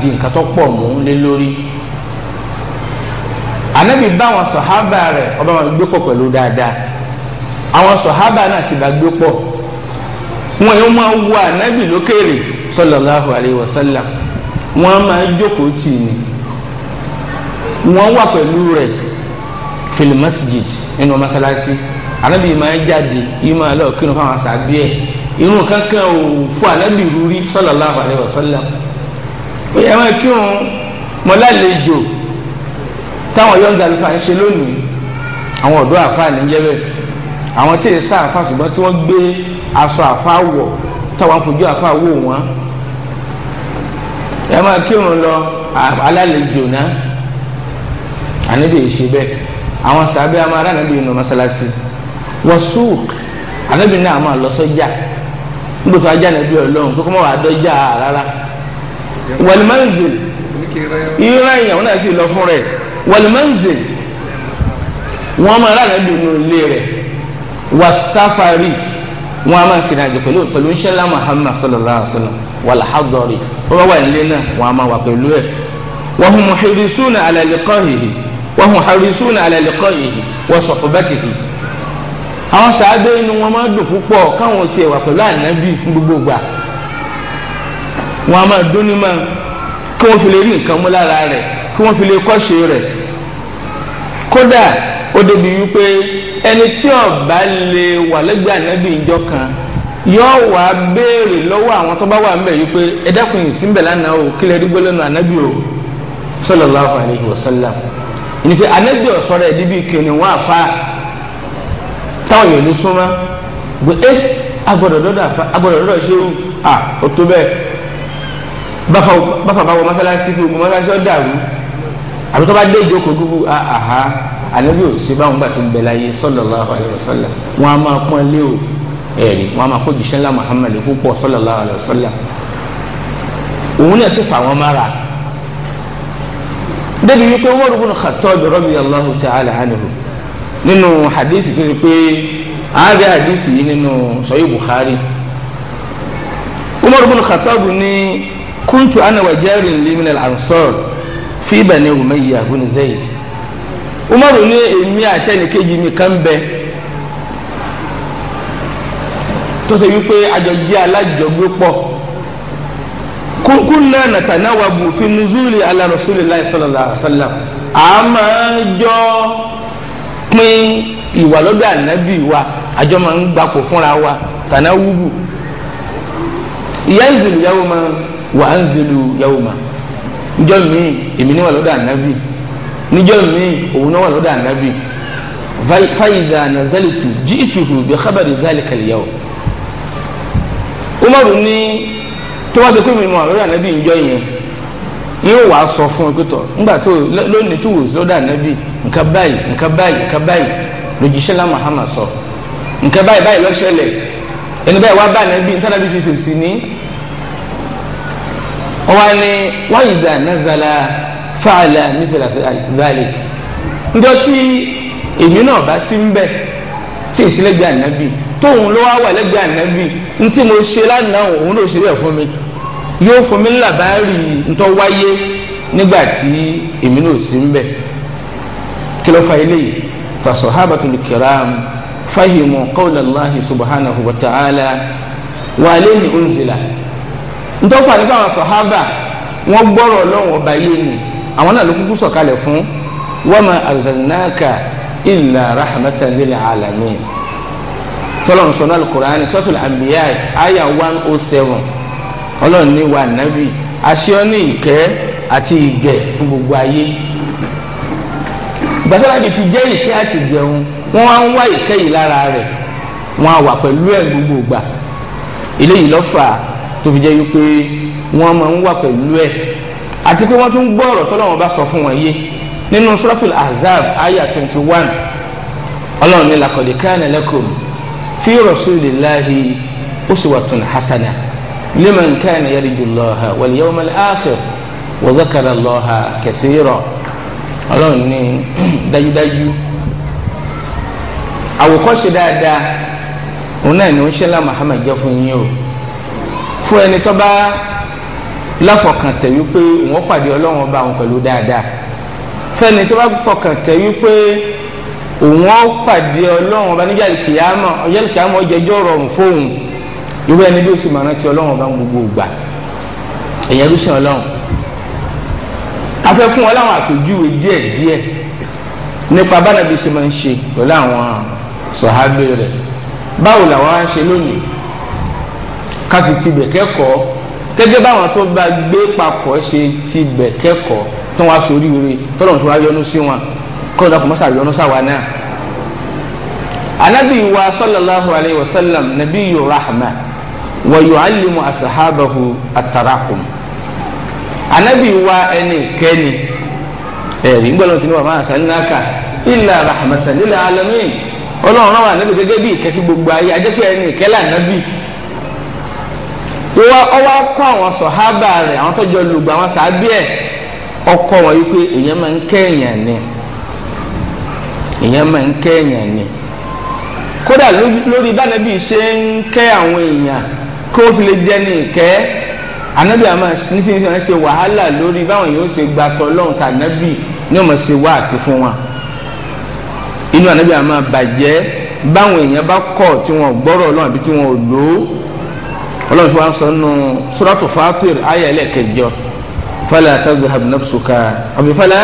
di nǹkan tó pọ̀ mú lé lórí anabi bá àwọn sọ̀hábà rẹ̀ ọba wọn gbé pọ̀ pẹ̀lú dáadáa àwọn sọ̀hábà náà sì bá gbé pọ̀ wọn yóò máa wo anabi lókèrè sallallahu alayhi wa sallam wọn máa jókòó tì ní wọn wà pẹ̀lú rẹ̀ fil masjid nínú masalasi anabi máa jáde yìí máa lọ kírun fáwọn sàbíẹ irun kankan ò fún anabi rúrí sallallahu alayhi wa sallam pé ẹ máa kírun mọ́lálejò táwọn yọ̀ǹda àlùfà ń ṣe lónìí àwọn ọ̀dọ́ àfa nìyẹn bẹ́ẹ̀ àwọn tí èsà àfa ṣùgbọ́n tí wọ́n gbé aṣọ àfa wọ̀ táwọn afojú àfa wò wọ́n ẹ máa kírun lọ alálejò náà ànábì èṣe bẹ́ẹ̀ àwọn sàbẹ́ àmọ́ aráàlú yìí nù mọ́sálásí wọ́n súùkì ànábì náà máa lọ sọ́jà nígbà tó ajá nàbí ọlọ́run kókó mọ́ wàá dọ́jà rárá walimanzil ìran ìyàwó náà sì lọ fún rẹ̀ walimanzil wọn máa rà nàbì nù ilé rẹ̀ wasafari wọn a máa ṣìnà àjò pẹ̀lú pẹ̀lú nṣẹ́lá muhammad sallallahu alaihi wa sallam walhadari wọn bá wà nílé náà wọn a máa wà pẹ̀lú ẹ̀ wọ́n hùn hìrìsúnà ala liqahihi wọ́n hùn hìrìsúnà ala liqahihi wa suhbatihi àwọn sàádé inú wọn máa dùn púpọ̀ káwọn tiẹ̀ wà pẹ̀lú ànábì gbogbo gbà wọn a máa dúnni máa kí wọ́n fi lè rí nǹkan mú lára rẹ̀ kí wọ́n fi lè kọ́ṣe rẹ̀ kódà ó débi wípé ẹni tí ó bá lè wà lẹ́gbẹ̀ẹ́ ànábì ìjọ kan yóò wá béèrè lọ́wọ́ àwọn tó bá wà ń bẹ̀ yìí pé ẹ dákun yìí síbẹ̀ lánàá o kílẹ̀ rí gbólónà ànábì o sallallahu alayhi wa sallam ní pé ànábì ọ̀sọ́rọ̀ ẹ̀ díbi kìnìún wọn àfa táwọn yòó ní súnmọ́ gbé ẹ eh, agbọ́dọ̀ dọ́dọ̀ àfa agbọ́dọ̀ dọ́dọ̀ ṣéwù à tó bẹ́ẹ̀ bafa báfa bá wọ mọ́sálásí gbogbo mọ́sálásí ọ̀dàrú àbí tó bá dé ìjókòó gbogbo àhá ànábì ò ṣe báwọn gbà tí ń bẹ láyé sallallahu alaihi wasallam wọn a máa pọ́n lé o ẹ̀rí wọn a máa kó jìṣẹ́ ńlá Muhammad púpọ̀ sallallahu alaihi wasallam òun náà sì fà wọ́n mára débi wípé Umar ibn Khattab radiyallahu ta'ala anhu nínú hadithi tó ti pé ààbẹ̀ hadithi yìí nínú Sahih Bukhari Umar ibn Khattab ní kuntu ana wa jarin li min al-ansar fi bani umayya bin zayd umaru ní èmi àti ẹnìkejì mi kan bẹ tó ṣe wípé àjọjẹ alájọgbé pọ̀ kúnkún náà natanawabu fi nuzuli ala rasulillahi sallallahu alaihi wa sallam a máa jọ pín ìwà lọ́dọ̀ ànábì wa àjọ máa ń gbapò fúnra wa tànáwùbù ìyá ìzìlú yàwó máa ń wà á ń zèlú yàwó ma níjọ́ míì èmi náà wà lọ́dọ̀ ànábì níjọ́ míì òun náà wà lọ́dọ̀ ànábì fàyìdà nàzàlìtù jí ìtùkù bí kábàdì zàlìkàlì yàwó. umaru ní tó wá sí pé mi mọ̀ lọ́dọ̀ ànábì níjọ́ yẹn yóò wá sọ fún ẹ pé tọ nígbà tó lónìí tó wò sí lọ́dọ̀ ànábì nǹkan báyìí nǹkan báyìí nǹkan báyìí lójúṣẹ́ lá Muhammad sọ nǹkan báyìí báyìí ló ẹni báyìí wá bá ànábì nítorí ànábì fífi sí ní wọ́n wayida wáyé dà nazala fàlà mithla dhalik ǹjọ́ emi èmi náà bá sí ń bẹ̀ tí èsì lẹ́gbẹ̀ẹ́ ànábì tóun ló wá wà lẹ́gbẹ̀ẹ́ mo se lánàá òun ló ṣe bẹ́ẹ̀ fún mi yóò fún mi lábàárì ntọ́ wáyé nígbà tí èmi náà sí kiram fahimu qawla Allahi subhanahu wa ta'ala wa alayhi unzila. ntọ́fà nípa àwọn sọ̀hábà wọ́n gbọ́rọ̀ ọlọ́run ọba yé ni àwọn náà ló kúkú sọ̀kalẹ̀ fún wama arsalnaka illa rahmatan lil alamin tọ́lọ́run sọ̀nà alukur'ani sọ́tún àmìyá àyà one oh seven ọlọ́run ní wa nàbì aṣíọ́nì ìkẹ́ àti ìgẹ̀ fún gbogbo ayé gbàtàlàbì ti jẹ́ ìkẹ́ àti ìgẹ̀hún wọ́n wá ń wá ìkẹ́ yìí lára rẹ̀ wọ́n á wà pẹ̀lú ẹ̀ gbogbo ìgbà eléyìí ló tó fi jẹ́ wípé wọ́n máa ń wà pẹ̀lú ẹ̀ àti pé wọ́n tún gbọ́ ọ̀rọ̀ tọ́lọ́wọ́n bá sọ fún wọn yé nínú suratul ahzab ayah twenty one ọlọ́run ní laqad kana lakum fi rasulillahi uswatun hasana liman kana yarju allaha wal yawmal akhir wa dhakara allaha kathira ọlọ́run ní dájúdájú àwòkọ́ṣe dáadáa òun náà ni ó ń ṣẹlá jẹ́ fún yín o fún ẹni tó bá láfọkàn tẹ̀ wípé òun pàdé ọlọ́run ọba òun pẹ̀lú dáadáa fẹ́ni tó bá fọkàn tẹ̀ wípé òun pàdé ọlọ́run ọba níjà ìkìyàmọ̀ ọjọ́ ìkìyàmọ̀ ọjọ́jọ́ rọrùn fóun irú ẹni bí ó sì máa rántí ọlọ́run ọba gbogbo ìgbà èyàn ló sìn ọlọ́run afẹ́ fún wọn láwọn àpèjúwe díẹ̀ díẹ̀ nípa bánàbí ṣe máa ń ṣe pẹ̀lú àwọn sọ̀hábẹ́ rẹ̀ báwo làwọn á ṣe lónìí ká fi tibẹ̀ kẹ́kọ̀ọ́ gẹ́gẹ́ báwọn tó bá gbé papọ̀ ṣe tibẹ̀ kẹ́kọ̀ọ́ tó wá sórí ire tọ́lọ̀ tó wá yọ́nú sí wọn kọ́ńdà kò mọ́sà yọ́nú sáwa náà. anabi wa sallallahu alayhi wa sallam nabiyyu rahma wa yu'allimu asahabahu atarakum anabi wa ẹni kẹ́ni ẹ̀rí ńgbọ́dọ̀ tí ní wàá máa sàn náà kà illa rahmatan lil alamin ọlọ́run náà wà níbi gẹ́gẹ́ bí ìkẹ́sí gbogbo ayé ajẹ́pẹ́ ẹni ìkẹ́lẹ́ ànábì wọ́n ọwọ́ kọ́ àwọn sọ̀hábà rẹ̀ àwọn tó jọ lùgbà àwọn sàábì ẹ̀ ọkọ wọn yìí pé èèyàn máa ń kẹ́yìn ni èèyàn máa ń kẹ́yìn ni kódà lórí bánàbí ṣe ń kẹ́ àwọn èèyàn kó fi lè jẹ́ ìkẹ́ anabi àmà nífi ní ṣe wàhálà lórí báwọn yóò ṣe gba tọ́lọ́hún tànàbì ní ọmọ ṣe wáàsí fún wa inú anabi àmà bàjẹ́ báwọn èèyàn bá kọ̀ tí wọ́n gbọ́rọ̀ ọlọ́run àbí tí wọ́n ò lò ó ọlọ́run fi wá ń sọ nínú suratu fatir ayé ẹlẹ́kẹjọ fala tazhab nafsuka àbí fala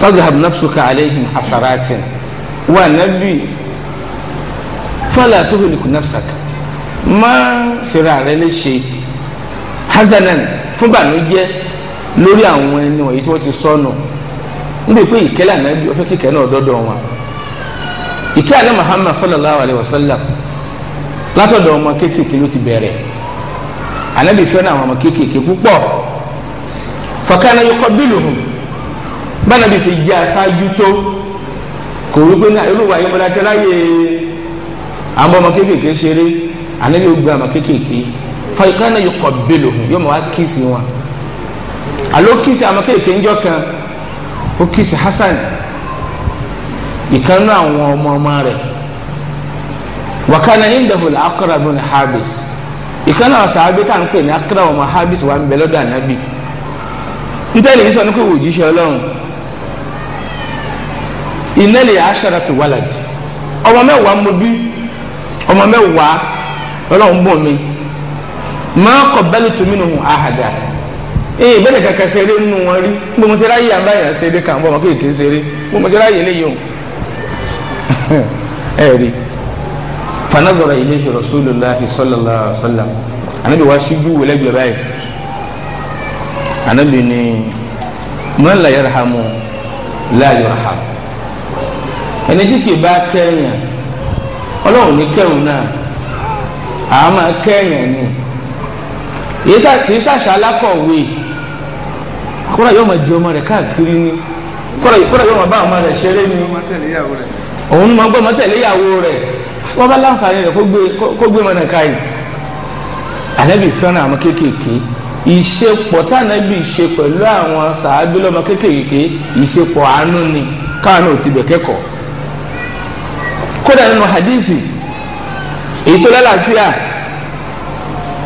tazhab nafsuka alayhim hasaratin wà nábì fala tuhliku nafsaka má ṣèrè ààrẹ lè ṣe hazanan fún bànújẹ́ lórí àwọn ẹni wọ̀nyí tí wọ́n ti sọnù ń bẹ pé ìkẹ́lẹ́ ànábì ó fẹ́ náà dọ́dọ̀ wọn ìkẹ́ Muhammad sallallahu alayhi wa sallam látọ̀dọ̀ ọmọ kéékèèké ló ti bẹ̀rẹ̀ anabi fẹ́ràn àwọn ọmọ kéékèèké púpọ̀ fakana yuqabbiluhum bánabi sì jẹ́ aṣáájú tó kò wípé náà olùwà yìí bọ́dá tí láyé àwọn ọmọ kéékèèké ṣeré anabi ó gbé ọmọ kéékèèké fakana yuqabbiluhum yóò mọ̀ wá kíìsì wọn alo kíìsì àwọn kéékèèké ńjọ kan ó kíìsì Hasan ìkànnú àwọn ọmọ ọmọ rẹ̀ wakana indahul akra bin habis ìkan náà sàábé tá à ń pè habis wà ń bẹ lọ́dọ̀ ànábì iso yìí sọ ní pé wò jíṣẹ́ ọlọ́run ìnẹ́lẹ̀ aṣara fi wàlàd ọmọ mẹ́wàá mo bí ọmọ mi máa kọ̀ bẹ́lẹ̀ tó mínú àhàdà ee bẹ́ẹ̀ mo mo fanadọrọ ilayhi rasulillahi sallallahu alaihi wa sallam anabi wa ṣíjú wẹlẹ gbẹrẹ yìí anabi ni man la yarhamu la yurham ẹni tí kì í bá kẹ́yìn ọlọ́run ní kẹ́hùn náà àá máa kẹ́yìn ni kì í ṣàṣà alákọ̀wé kóra yóò máa di ọmọ rẹ̀ káàkiri ni kóra yóò máa bá ọmọ rẹ̀ ṣeré ni òun máa gbọ́ ọmọ tẹ̀lé ìyàwó rẹ̀ wọ́n bá láǹfààní rẹ̀ kó gbé mọ́nà káyì ànábì fẹ́ràn àwọn kéékèèké ìṣepọ̀ tànábì ṣe pẹ̀lú àwọn sàábí lọ́mọ kéékèèké ìṣepọ̀ àánú ni káwọn náà ti bẹ̀ kẹ́kọ̀ọ́ kódà nínú hadithi èyí tó lálàáfíà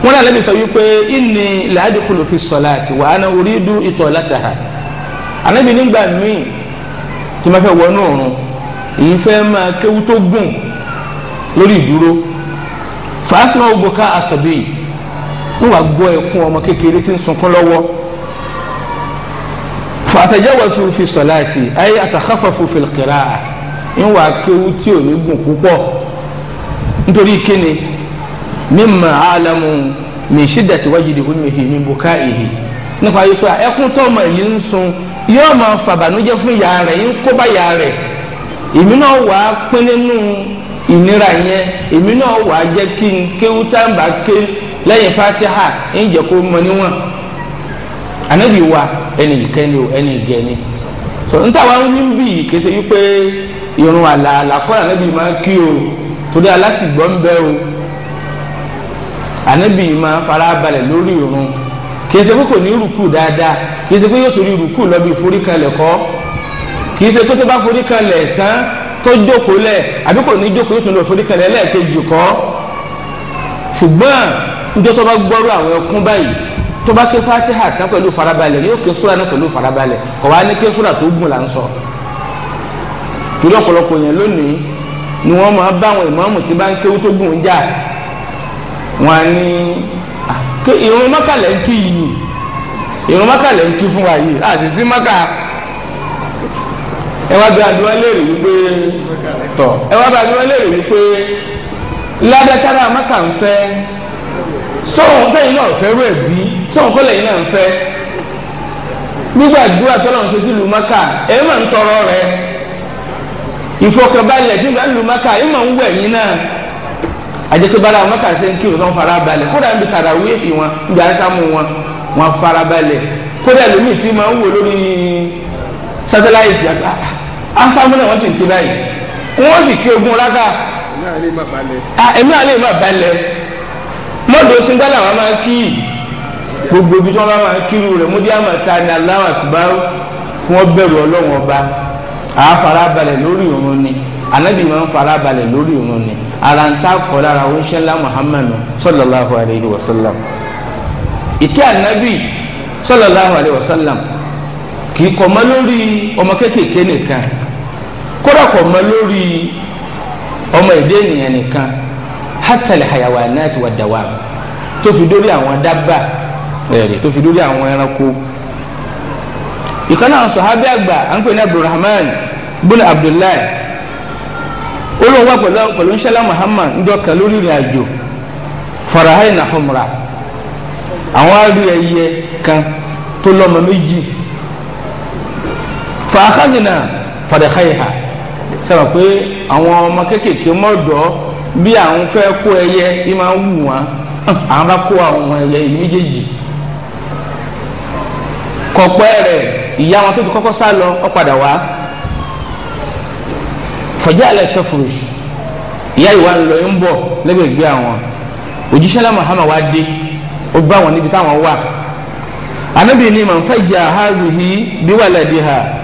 wọn náà lẹ́bi sọ wípé inni làádìkulù fi sọ̀láàtì wa ana uridu ìtọ̀látàhà ànábì nígbà míì tí wọ́n fẹ́ wọnú ọ̀run èyí fẹ́ máa kéwú tó gùn lórí ìdúró fàásìmọ̀ gbogbo ká àṣọ̀bí yìí wọ́n ẹkún ọmọ kékeré tí ń sunkún lọ́wọ́ fàtẹ̀jáwọ̀sù fi ayé ń kéwú tí ò ní gùn púpọ̀ nítorí kíni mímọ àlàmù mi ṣídàtì wájìdì omihi mi bùká ìhì nípa yìí pé ẹkún tọ́mọ yìí ń sun yóò máa fún ìyá yìí ń ìyá ìnira yẹn èmi náà wà á jẹ́ kí n kéwú táǹbà ké lẹ́yìn fatiha ń jẹ́ kó mọ níwọ̀n anabi wa ẹni ìkẹni o ẹni ìgẹni so n ta wa ń ní bí kése yí pé irun àlàálà kọ́ anabi máa kí o torí alásìgbọ́ ń bẹ́ o anabi máa fara balẹ̀ lórí irun kése pé kò ní rúkú dáadáa kése pé yóò torí rúkú lọ bí forí kalẹ̀ kọ́ kése pé tó bá forí kalẹ̀ tán tó jókòó lẹ̀ àbí kò ní jókòó yóò tún lọ forí kalẹ̀ lẹ́ẹ̀kejì kọ́ ṣùgbọ́n njọ́ tó bá gbọ́rọ̀ àwọn ẹkún báyìí tó bá ké fatiha tán pẹ̀lú farabalẹ̀ yóò ké súra náà pẹ̀lú farabalẹ̀ kọ̀ wá ní ké súra tó gùn là ń sọ torí ọ̀pọ̀lọpọ̀ yẹn lónìí ni wọ́n máa bá àwọn ìmáàmù tí bá ń kéwú tó gùn jà wọn á ní ìrun ah, ń kí yìí ìrun mọ́kàlẹ̀ ń kí fún wa yìí àṣìṣe mọ́kà ẹ wá bí adúlọ́ léèrè wípé tọ̀ ẹ wá bí adúlọ́ léèrè wípé ládàtàrà amáka ń fẹ́ sọ̀rọ̀ sẹ́yìn náà fẹ́ rẹ̀ bí sọ̀rọ̀ kọ́lẹ̀ yìí náà ń fẹ́ gbígbàdúrà tọ́lọ̀ ń ṣe sílùú maka ẹ máa ń tọrọ rẹ ìfọkànbalẹ̀ tí ìgbà nílùú maka ẹ máa ń wẹ̀ yín náà àjẹkẹ́bára maka ṣe ń kírun tó ń fara balẹ̀ kódà ń bi tàràwí èpì wọn ìgbà sámú wọn wọn fara balẹ̀ kódà lómi tí máa ń wò lórí sátáláìtì àgbà aṣáájú náà wọ́n sì ń kí báyìí wọ́n sì kí ogún rákà èmi àlè má balẹ̀ lọ́dọ̀ sígbàlà wọn máa ń kí gbogbo ibi tí wọ́n bá máa ń kírun rẹ̀ múdí àmọ̀ ta ni aláwọ̀ àtúbá wọn bẹ̀rù ọlọ́wọ́n ọba àá farabalẹ̀ lórí òun ni anabi máa ń farabalẹ̀ lórí òun ni ara ń takọ̀ lára oníṣẹ́lá muhammadu sallallahu alayhi wa sallam ìtẹ́ anabi sallallahu alayhi wa sallam kì í kọ̀ mọ́ lórí ọmọ kéékèèké nìkan kódà kọ̀ mọ́ lórí ọmọ èdè ènìyàn nìkan hátàlẹ̀ àyàwó ànáàtì wà dàwà tó fi dórí àwọn dábà ẹ̀rẹ̀ tó fi dórí àwọn ẹranko ìkànnì sọ̀hábí àgbà à ń abdulrahman bùnú abdullahi olóhùn pẹ̀lú nṣẹ́lá muhammad ndọ́ka lórí ìrìn àjò farahàn nahumra àwọn àrí ẹyẹ kan tó lọ́mọ méjì fàákàdínà fàdàkàyà sábà pé àwọn ọmọ kéékèèké mọ̀dọ́ bí àwọn fẹ́ kó ẹyẹ yìí máa ń wù wọn àwọn bá kó àwọn ẹyẹ yìí méjèèjì kọ̀pẹ́ rẹ̀ ìyá wọn tó ti kọ́kọ́ sá lọ ọ padà wá ìyá ń lọ lẹ́gbẹ̀gbẹ́ àwọn òjíṣẹ́ lá Muhammad wá dé ó bá wọn níbi táwọn wà màá fẹ́ jà yìí bí ha.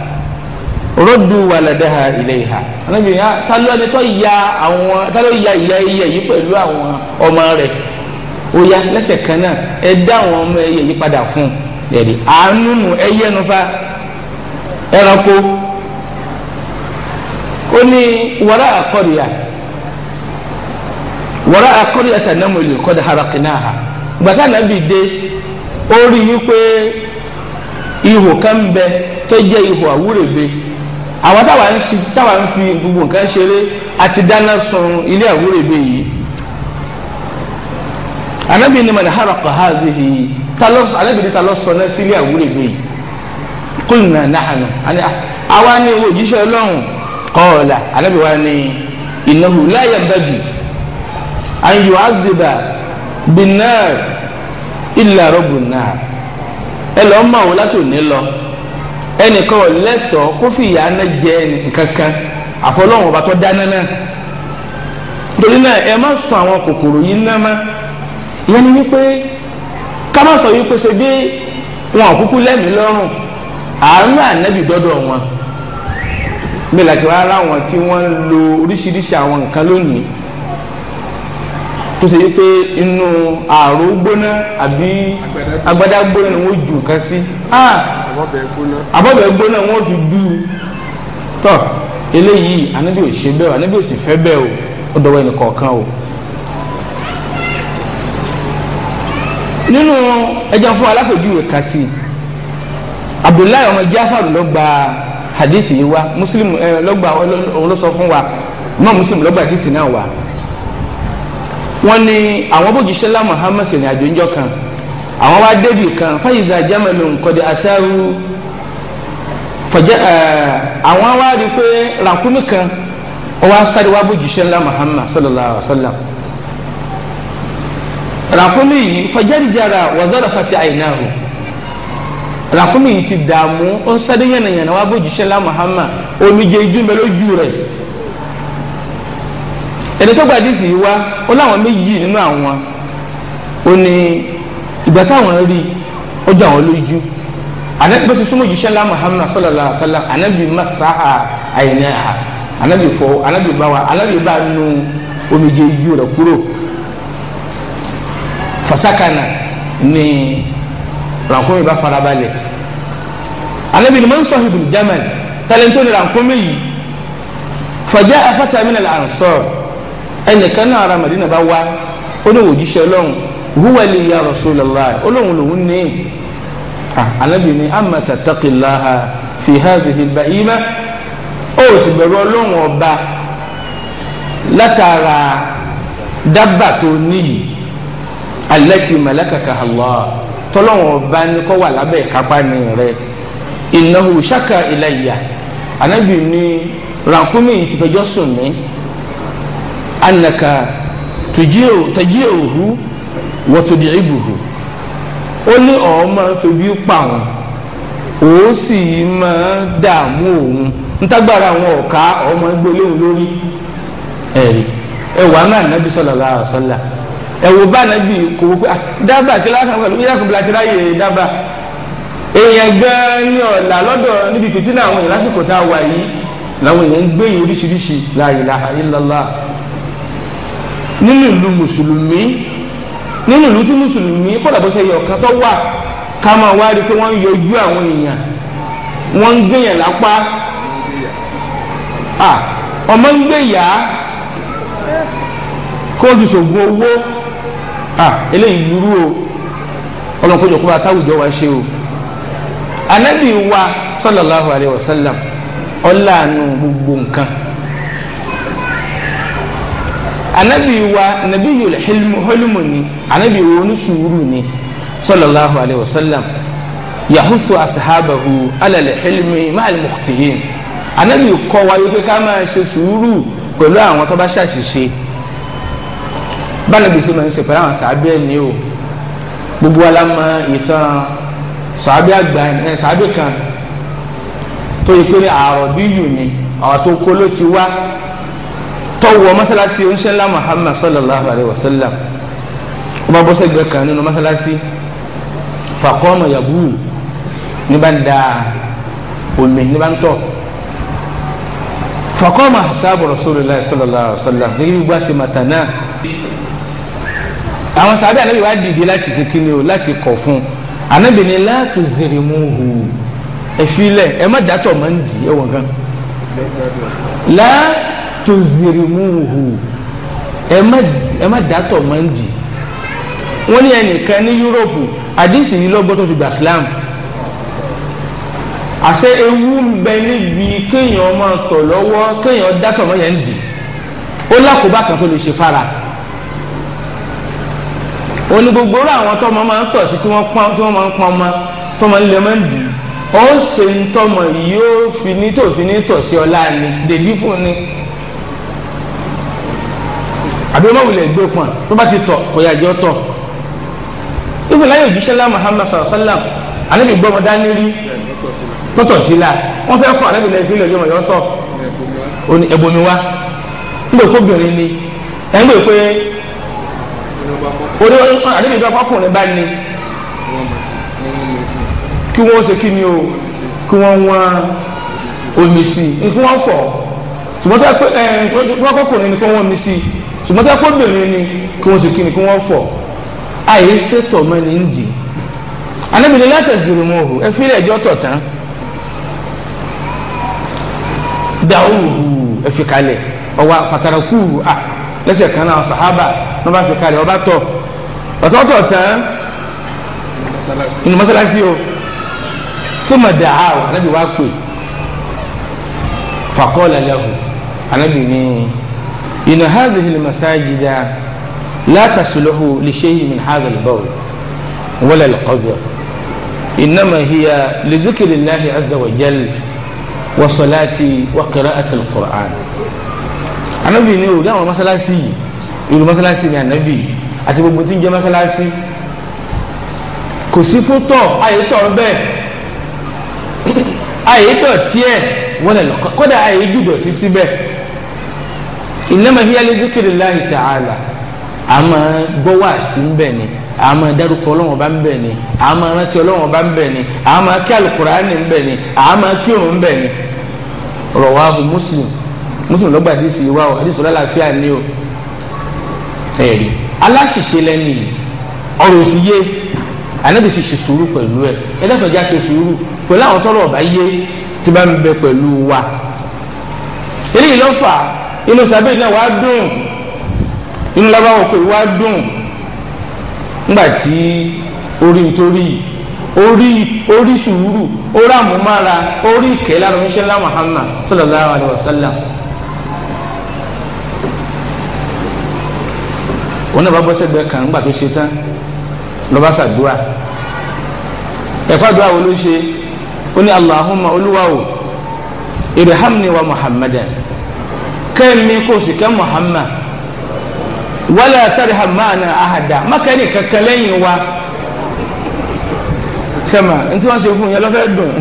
rọ́dù wàlẹ́dẹ́hà ilé ìhà anábì yẹn ha ah, ló ẹni tó ya àwọn ta ya ìyá ẹyẹ yìí pẹ̀lú àwọn ọmọ rẹ̀ ó ya lẹ́sẹ̀ kan náà ẹ dá àwọn ọmọ ẹyẹ yìí padà fún ẹ̀rí àánú nù ẹyẹ nu fa ẹranko ó ní wàrà àkọ́rìyà wàrà àkọ́rìyà tà náà mo lè kọ́ da harakináà gbàtà nàbì dé ó rí wípé ihò kan bẹ tó jẹ́ ihò àwọn táwa ń ṣe táwa ń fi gbogbo nǹkan ṣeré àti dáná sun ilé àwúrò ìgbé yìí anabi ni mani haraka hadhihi talos anabi ni talos sọ náà sí ilé àwúrò ìgbé yìí kulna nahanu ani ah, àwa ni òjíṣẹ́ Ọlọ́run kọọla anabi wa ni innahu la yambagi an yu'adhiba bin nar illa ẹ lọ mọ àwọn látò ní lọ. ẹnìkan ò lẹ́tọ̀ọ́ kó fi ìyá náà jẹ nǹkankan àfọlọ́wọn ọba tó dáná náà torí náà ẹ má sọ àwọn kòkòrò yìí ná má ìyẹn ni wípé ká má sọ wípé ṣe bí wọn kúkú lẹ́mìí lọ́rùn àánú ànábì gbọ́dọ̀ wọn wá lo oríṣiríṣi àwọn nǹkan lónìí tó ṣe inú gbóná àbí agbádá gbóná ni wọ́n jù abọ́bẹ̀ gbóná wọ́n fi dú u tọ́ eléyìí ànábì ò ṣe bẹ́ẹ̀ o ànábì ò sì fẹ́ bẹ́ẹ̀ o ó dọwọ́ ẹnì kọ̀ọ̀kan o. nínú ẹja fún alápèjúwe kan abdullahi ọmọ jafaru ló gba hadith yìí muslim ẹ ló gba òun ló sọ fún wa mọ muslim ló gba hadith náà wá wọn ní àwọn bójúṣẹlá muhammad sẹni àjọyọ̀ kan àwọn wá débi kan fáyidà jámanu ataru, àtàrú fọjá àwọn wá rí i pé ràkúnmí kan wọ́n wá sáré wá bójú Muhammad sallallahu alayhi wa sallam ràkúnmí yìí fọjá dìjára wàzọ́rọ̀ fati àyìnáhù ràkúnmí yìí ti dààmú ó ń sáré yànnàyànnà wá bójú ṣe ńlá Muhammad omijé ijú mẹ́lẹ́ ojú rẹ̀ ẹni tó gbàdísì yìí wá ó láwọn méjì nínú àwọn ó ní ìgbà táwọn rí ọjọ́ àwọn lójú anabi bó ṣe súnmọ́ jíṣẹ́ ńlá muhammad sallallahu alaihi sallam anabi masaha àyìnáha anabi fọ anabi bá wa anabi bá nu omijé ojú rẹ̀ kúrò fasakana ni rankumi bá farabalẹ̀ anabi ni man sahibul jamal talento ni rankumi yìí fàjà afata min al ansar ẹnìkan náà ara madina bá wá ó ní wòjíṣẹ́ lọ́hùn huwali ya rasulallah olóhùn lòún ní anabi ni ama tatakilaha fi hadhihi al-ba'ima ó sì bẹ̀rù ọlọ́run ọba látara dábàá tó níyì allati malakaka Allah tọ́lọ́run ọba ni kọ́ wà lábẹ́ ìkápá ni rẹ̀ innahu shaka ilayya anabi ni rankumi ti fẹjọ́ sùn mí anaka tujiru wọ́tòdì ìgbòho ó ní ọma máa ń febi pa òun sì máa dààmú òun ntágbára àwọn ọ̀ka ọmọ ẹgbẹ́ olóhùn lórí ẹ̀rí ẹ̀wà náà nàbí sallallahu alaihi wasallam ẹ̀wò bá nàbí kò wọ́pẹ́ ah, dábà kí dábà èèyàn gan lọ́dọ̀ níbi àwọn èèyàn lásìkò tá a wà yìí làwọn èèyàn ń gbé yìí oríṣiríṣi nínú ìlú tí mùsùlùmí kódà bó ṣe yẹ ọ̀kan tó wà ká máa wá rí i pé wọ́n ń yọjú àwọn èèyàn wọ́n ń gbéyàn lápá ọmọ ń gbéyà kó o ti ṣògùn owó eléyìí burú o ọlọ́nkójọ kó bá táwùjọ wa ṣe o anábì wa sallallahu alayhi wa sallam ọlá gbogbo nǹkan anabi wa nabi yul hilmu hulmu ni anabi wa ni sùúrù ni sallallahu alayhi wa sallam yahusu asahabahu ala lihilmi maal mukhtiyin anabi kọ́ wa yìí pé ká máa ṣe sùúrù pẹ̀lú àwọn tó bá ṣàṣìṣe bánabi sọ ma ń ṣe pẹ̀lú àwọn ni o gbogbo wa la mọ ìtàn sàábẹ àgbà ẹ eh, sàábẹ kan tó yẹ pé àròbí yù ni ọ̀rọ̀ tó kó ti wá tọwọ́ masalasi onṣẹ́lá muhammad sallallahu alayhi wa sallam ó bá bọ́ sẹ́gbẹ́ kan nínú masalasi faqama yabu ní bá ń da omi ní bá ń tọ̀ faqama hasabu rasulillah sallallahu alayhi wa sallam níbi gbà sí matana àwọn sábẹ́ ànábì wá dìde láti ṣe kíni o láti kọ̀ fún ànábì ni la tuzrimuhu ẹ ẹ má dàtọ̀ máa ẹ wọ̀ gan la tuzirimuhu ẹ má dátọ̀ máa ń dì wọ́n ní ẹnìkan ní yúróòpù àdìsí yìí lọ́gbọ́n tó fi gbà sílám àṣẹ ewu ń bẹ níbi kéèyàn máa tọ̀ lọ́wọ́ kéèyàn dátọ̀ máa yẹn ń dì ó lákòóbá kan tó lè ṣe fara ó ní gbogbo rẹ àwọn tọmọ máa ń tọ̀ sí tí wọ́n pọn tí wọ́n máa ń pọn ọmọ tọmọ ńlẹ̀ máa ń dì ó ṣe ń tọmọ yìí ó fi ní tòfin ní tọ̀ sí ọlá ni dèdí fún ni àbí ọmọ wulẹ̀ gbé pọn tó bá ti tọ̀ kò yà jẹ́ ọtọ̀ ìfúnláyà òjíṣẹ́ lá Muhammad sallam anabi gbọ́mọ dání rí tọ́tọ̀ sí la wọ́n fẹ́ kọ́ anabi lẹ́yìn fílẹ̀ ọjọ́ yọ̀ọ́tọ̀ òní ẹ̀bùnmi wa ńgbè kó bìnrin ni ẹ̀ ńgbè pé orí anabi gbọ́ kọ́kùnrin bá ní kí wọ́n ṣe kí ni o kí wọ́n wọ́n omi sí i kí wọ́n fọ̀ ṣùgbọ́n tó yẹ pé ẹ̀ ńgbọ́kọ́kùnrin ni kí wọ́n wọ́n mi sí i ṣùgbọ́n tí wọ́n kó bìnrin ni kí wọ́n sì kí ni kí wọ́n fọ̀ àyè ṣètò mẹ́ni ń dì anábìnrin látẹ̀sìrì mu òhù ẹ fílẹ̀ ẹjọ́ tọ̀ tán dàwùhù ẹ fi kalẹ̀ ọwọ́ fatarakùhù à lẹ́sẹ̀ kan náà sàhábà wọ́n bá fi kalẹ̀ ọba tọ̀ ọ̀tọ̀ tọ̀ tán inú mọ́sálásí o sọmọ dàá anábìnrin wa pè fàkọ́ làlẹ́ hù anábìnrin. إن هذه المساجد لا تصلح لشيء من هذا البول ولا القذر إنما هي لذكر الله عز وجل وصلاة وقراءة القرآن anabi ni o láwọn masalasi yìí ìlú masalasi ni anabi àti gbogbo tí ń jẹ masalasi kò sí fún tọ àyè tọ ń bẹ àyè tọ tiẹ wọn lè lọ kódà àyè jù dọ̀tí síbẹ̀. Si innama hiya li dhikrillahi ta'ala àmọ́ gbọ́ wáàsí ń bẹ̀ ni àmọ́ dárúkọ Ọlọ́run bá ń bẹ̀ ni àmọ́ rántí Ọlọ́run bá ń bẹ̀ ni àmọ́ kí alukurani ń bẹ̀ ni àmọ́ kírun ń bẹ̀ ni rawahu Muslim Muslim ló gba àdìsí wa o àdìsí ọlọ́lá fi àní o ẹ̀rí aláṣìṣe lẹ́nu yìí ọ̀rọ̀ òsì yé Ànábì sì ṣe sùúrù pẹ̀lú ẹ̀ ẹ̀dẹ́fẹ̀já ṣe sùúrù pẹ̀lú àwọn tọ́lọ̀ ọ̀bá yé tí bá ń bẹ wa eléyìí ló fà inú sàbẹ̀ náà wàá dùn inú lábáwọ̀ pé wàá dùn ńgbà tí orí nítorí orí orí sùúrù orí àmúmára orí ìkẹ́ lára oníṣẹ́ ńlá Muhammad sallallahu alayhi wa sallam. wọn náà bá bọ́ sẹ́gbẹ̀ẹ́ kan ńgbà tó ṣe tán lọ́ba ṣàdúrà ẹ̀kọ́ àdúrà wo ló ṣe ó ní Allahumma olúwa o irhamni wa Muhammadan kẹ́mi kò sì kẹ́ Muhammad wala tarham ma'ana ahada mákàní kankan lẹ́yìn wa sẹ́mà ntí wọ́n ṣe fún yẹn lọ́fẹ́ dùn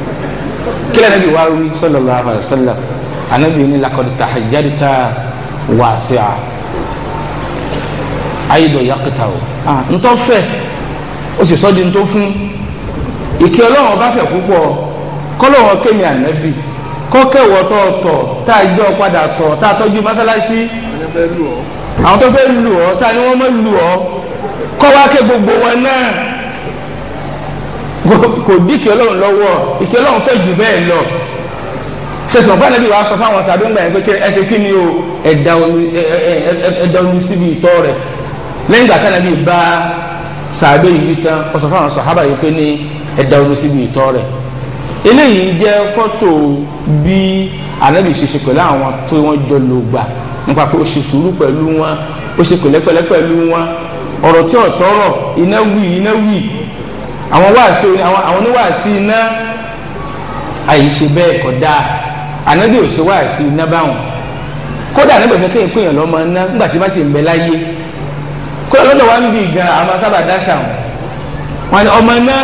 kílẹ̀ nàbí wa wí sallallahu alaihi wasallam anabi ni lakọ̀dọ̀ tahajjadta wasi'a ayidọ̀ yakuta o ntọ́ fẹ́ o sì sọ́ di ntọ́ fún ìkẹ́ ọlọ́run ọba fẹ́ púpọ̀ kọ́lọ́run kẹ́mi ànábì kọ́kẹ́wọ̀ tọ̀ tọ̀ tá a jọ padà tọ̀ tá a tọ́jú mọ́sálásí àwọn tó fẹ́ lù ọ́ tá a ní wọ́n mọ́ lù ọ́ kọ́ wá ké gbogbo wọn náà kò dí ìkẹ́ ọlọ́run lọ́wọ́ ìkẹ́ ọlọ́run fẹ́ jù bẹ́ẹ̀ lọ sẹsùn ọba nàbí wàá sọ fáwọn sàdóńgbà yẹn pé ẹsẹ kí ni o ẹdá omi ẹdá omi síbi ìtọ̀ rẹ̀ lẹ́yìn ìgbà tá nàbí bá sàdó yìí tán ọsọ fáwọn sàhábà yìí pé ní ẹdá omi síbi ìtọ̀ rẹ̀ eléyìí jẹ́ fọ́tò bí anabi ṣe ṣe pẹ̀lú àwọn tó wọ́n jọ lò gbà nípa pé ó ṣe sùúrù pẹ̀lú wọn ó ṣe pẹ̀lẹ́pẹ̀lẹ́ pẹ̀lú wọn ọ̀rọ̀ tí ọ̀tọ̀ rọ̀ iná wì iná wì àwọn wáàsí àwọn oníwàásí iná àyíṣe bẹ́ẹ̀ kọ́ dáa anabi ò ṣe wáàsí iná báwọn kódà anabi ò fẹ́ kéèyàn pé iná nígbà tí wọ́n sì ń bẹ láyé kódà lọ́dọ̀ wa ń bì gan àwọn sábà dáṣà wọn ọmọ iná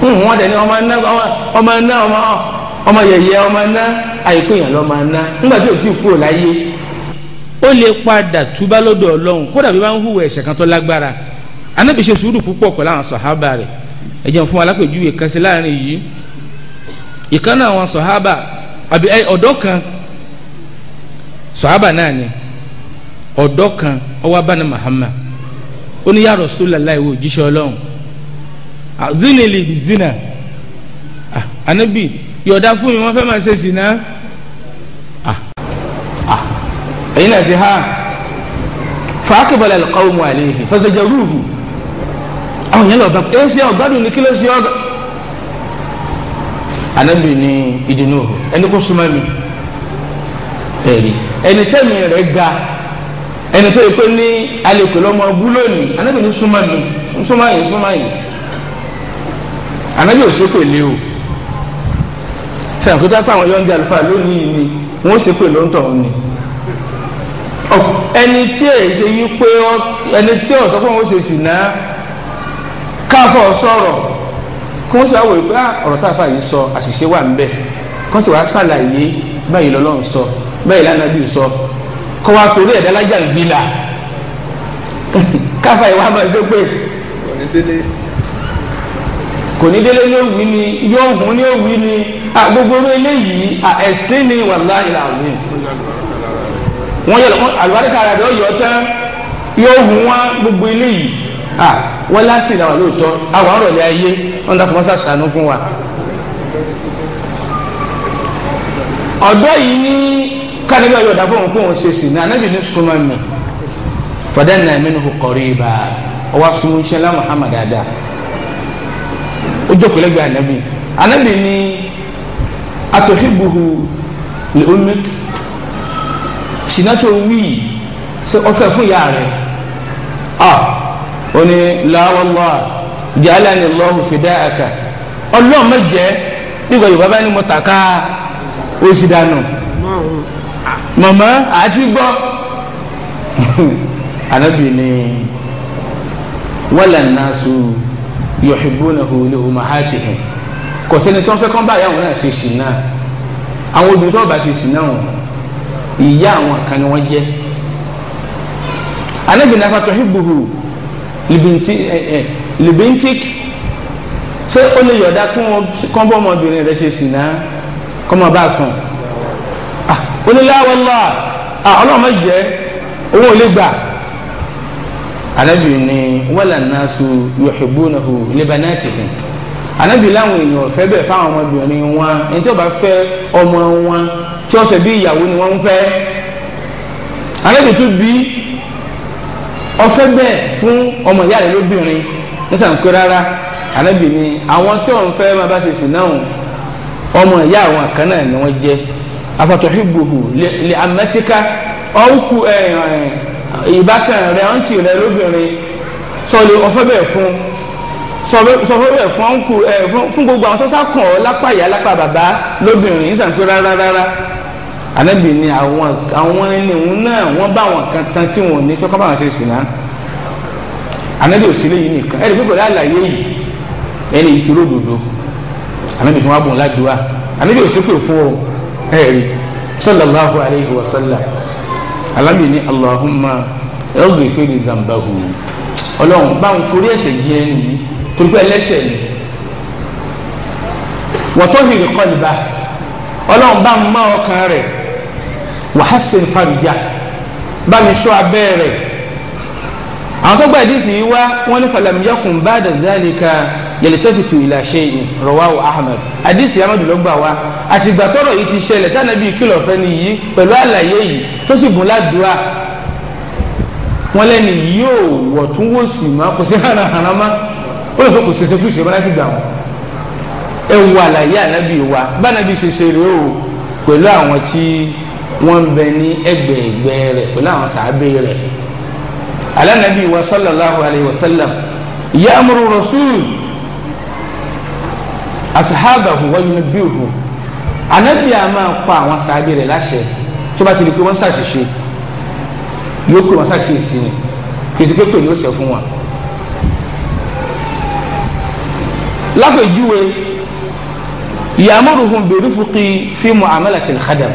wọn tẹ ní ọmọ ẹná ọmọ ẹná ọmọ ọmọ yẹyẹ ọmọ ẹná àìkú yẹn lọmọ ẹná nígbà tí o ti kúrò láyé ó lè padà túbá lọ́dọ̀ Ọlọ́run kódà bí wọ́n ń hùwà ẹ̀ṣẹ̀ kan tó lágbára Ànábì ṣe sùúrù púpọ̀ pẹ̀lú àwọn sọ̀hábà rẹ̀ alápèjúwe kan sí láàrin yìí ìkan náà sọ̀hábà àbí ọ̀dọ́ kan sọ̀hábà náà ni ọ̀dọ́ kan ní ya ìwé òjíṣẹ́ Ọlọ́run àdúnilì zina anabi ah, yọ̀dá fún mi wọ́n fẹ́ máa ṣe zina ah, ah, ẹ̀yin náà ṣe ha fàákìbọ̀lẹ̀ lọ́kọ́ mu àlehi fẹsẹ̀jẹ̀ rúùbù àwọn yẹn lọ́ọ́ bá ẹ ṣe ọ̀gbádùn ní kí ló ṣe ọ̀gá anabi ni ìdùnnú ẹni kò súnmọ́ mi ẹ̀rí ẹni tẹ́mi rẹ̀ ga ẹni tó yẹ pé ní alẹ́ pẹ̀lú ọmọ búlóòní anabi ni súnmọ́ mi súnmọ́ yìí súnmọ́ yìí ànábì ò ṣépèlé o sàkótá pé àwọn yọ̀ǹda àlùfáà lónìí ni wọ́n ṣépè ló ń tọ̀ ọ́ ni ẹni tí ẹ ṣe yí pé ẹni tí ọ̀sọ́ pé wọ́n ṣe sì ná káfọ́ sọ̀rọ̀ kí wọ́n ṣàwọ̀ pé ah, ọ̀rọ̀ táfà yìí sọ àṣìṣe wà ń bẹ̀ kó sì wàá ṣàlàyé báyìí lọ́lọ́run sọ báyìí lánàbí sọ kó wàá torí ẹ̀dá lájà ń bí la káfà yìí wàá máa ṣépè kò ní délé ní òwì ni yóò hùn ní òwì ni gbogbo orí eléyìí ẹ̀sìn ni wàláhì làwọn yìí wọ́n yẹ àlùbáríkà rẹ̀ bẹ́ẹ̀ yọ tán yóò hùn wá gbogbo eléyìí wọ́n lásìkò làwọn lóòótọ́ àwọn ọ̀rọ̀ ilé ayé wọ́n dàpọ̀ wọ́n sàṣàánú fún wa. ọ̀dọ́ yìí ní kánibà yóò dá fóun kóun ṣe sí ní anábì ní súnmọ́ mi fọdẹ́ nàá mi ní kọ̀rí ibà ọwọ́ súnmọ́ iṣẹ́ lá ó jókòó lẹ́gbẹ̀ẹ́ anabi anabi ni atohibuhu le omik sinato wii ṣe ọfẹ fún ìyá rẹ a ó ní lawalwa jaalani lọhu fidaaka Ọlọ́run má jẹ́ nígbà yorùbá bá ní mo tàka ó sì dànù mọ̀mọ́ àti gbọ́ anabi ni wàlànà nasu yuhibbunahu li ummahatihim kò sẹ́ni tó ń fẹ́ kán báyà wọn náà ṣe sì náà àwọn obìnrin tó bá ṣe sì náà wọn ìyá àwọn kan ni wọ́n jẹ́ anabina fa tuhibbuhu libintik ṣé ó lè yọ̀dá kán bọ́ ọmọbìnrin rẹ̀ ṣe sì náà kọ́ mọ́ bá sùn oníláwọ̀ lọ́wọ́ ọlọ́mọ jẹ́ owó ò lè gbà anabi ni wala nasu yuhibbunahu libanatihim anabi láwọn èèyàn fẹ́ bẹ́ẹ̀ fáwọn ọmọbìnrin wọn ẹni tí wọ́n bá fẹ́ ọmọ wọn tí wọ́n fẹ́ bí ni wọ́n ń fẹ́ anabi tó bí ọfẹ́ bẹ́ẹ̀ fún ọmọ ìyá rẹ̀ lóbìnrin nísàn pé rárá anabi ni àwọn tí wọ́n fẹ́ máa bá ṣe sìn náà ọmọ ìyá àwọn kan náà ni wọ́n jẹ́ afatuhibbuhu li amatika ọ̀hún ku ẹ̀ẹ́ eh, eh, ìbátan rẹ àǹtí rẹ lóbìnrin sọlẹ ọfẹ bẹ́ẹ̀ fún sọfẹ bẹ́ẹ̀ fún ọǹkù ẹ fún gbogbo àwọn tó sàkàn ọ lápá ìyá lápá bàbá lóbìnrin ní sàǹpé rárá rárá ànábì ni àwọn àwọn ẹni òun náà wọn bá àwọn kan tán tí wọn ò ní fẹ́ kọ́ bá wọn ṣe sùn náà ànábì ò sí lẹ́yìn nìkan ẹni pípọ̀ láàlàyé yìí ẹni yìí ti ródòdó ànábì fún wa bùn ládùúgbà ànábì ò sí pè fún ọ ẹ̀rí sallallahu alayhi wa sallam alámi ní Allahumma ẹ̀rọ̀gbìn fèrè dàmbàhù ọlọ́run bá ń forí ẹ̀ṣẹ̀ jẹ́ nìyí tó gbé ẹlẹ́ṣẹ̀ ni wọ́tọ́hìrì kọ́lìbà ọlọ́run bá ń mọ́ ọkàn rẹ̀ wàhásìn fàrùjà bá sọ abẹ́ àwọn tó gbà ẹ̀dínsì yìí wá wọ́n ní falamiyakun bá dàzálìka yẹlẹtẹfitu ila shay'in rawahu ahmed hadisi amadu ló gbà wá àtìgbà tọ́rọ̀ yìí ti ṣẹlẹ̀ tànàbí kìlọ̀ fẹ́ nìyí pẹ̀lú àlàyé yìí tó sì bùn ládùúrà wọn lẹ́ni yóò wọ̀túnwòsì mọ́ kò sí hànàhànà mọ́ ó lè fọ́ kò ṣeṣe kú ṣe mọ́ láti gbà wọ́n ẹ wo àlàyé ànábì wa bánábì ṣe ṣe o pẹ̀lú àwọn tí wọ́n ń bẹ ní ẹgbẹ̀ẹ̀gbẹ́ rẹ̀ pẹ̀lú àwọn sàábé rẹ̀ alánàbì wa sallallahu alayhi wa sallam ya'muru rasul asahabahu wa yunabbihu anabi a máa pa àwọn sábẹ́ rẹ̀ láṣẹ tó bá ti di pé wọ́n ṣàṣìṣe yóò pè wọ́n ṣàkíyèsí ni kìsì pé pè ní ọ̀sẹ̀ fún wa. lápèjúwe ya'muruhum birifqi fi mu'amalatil khadam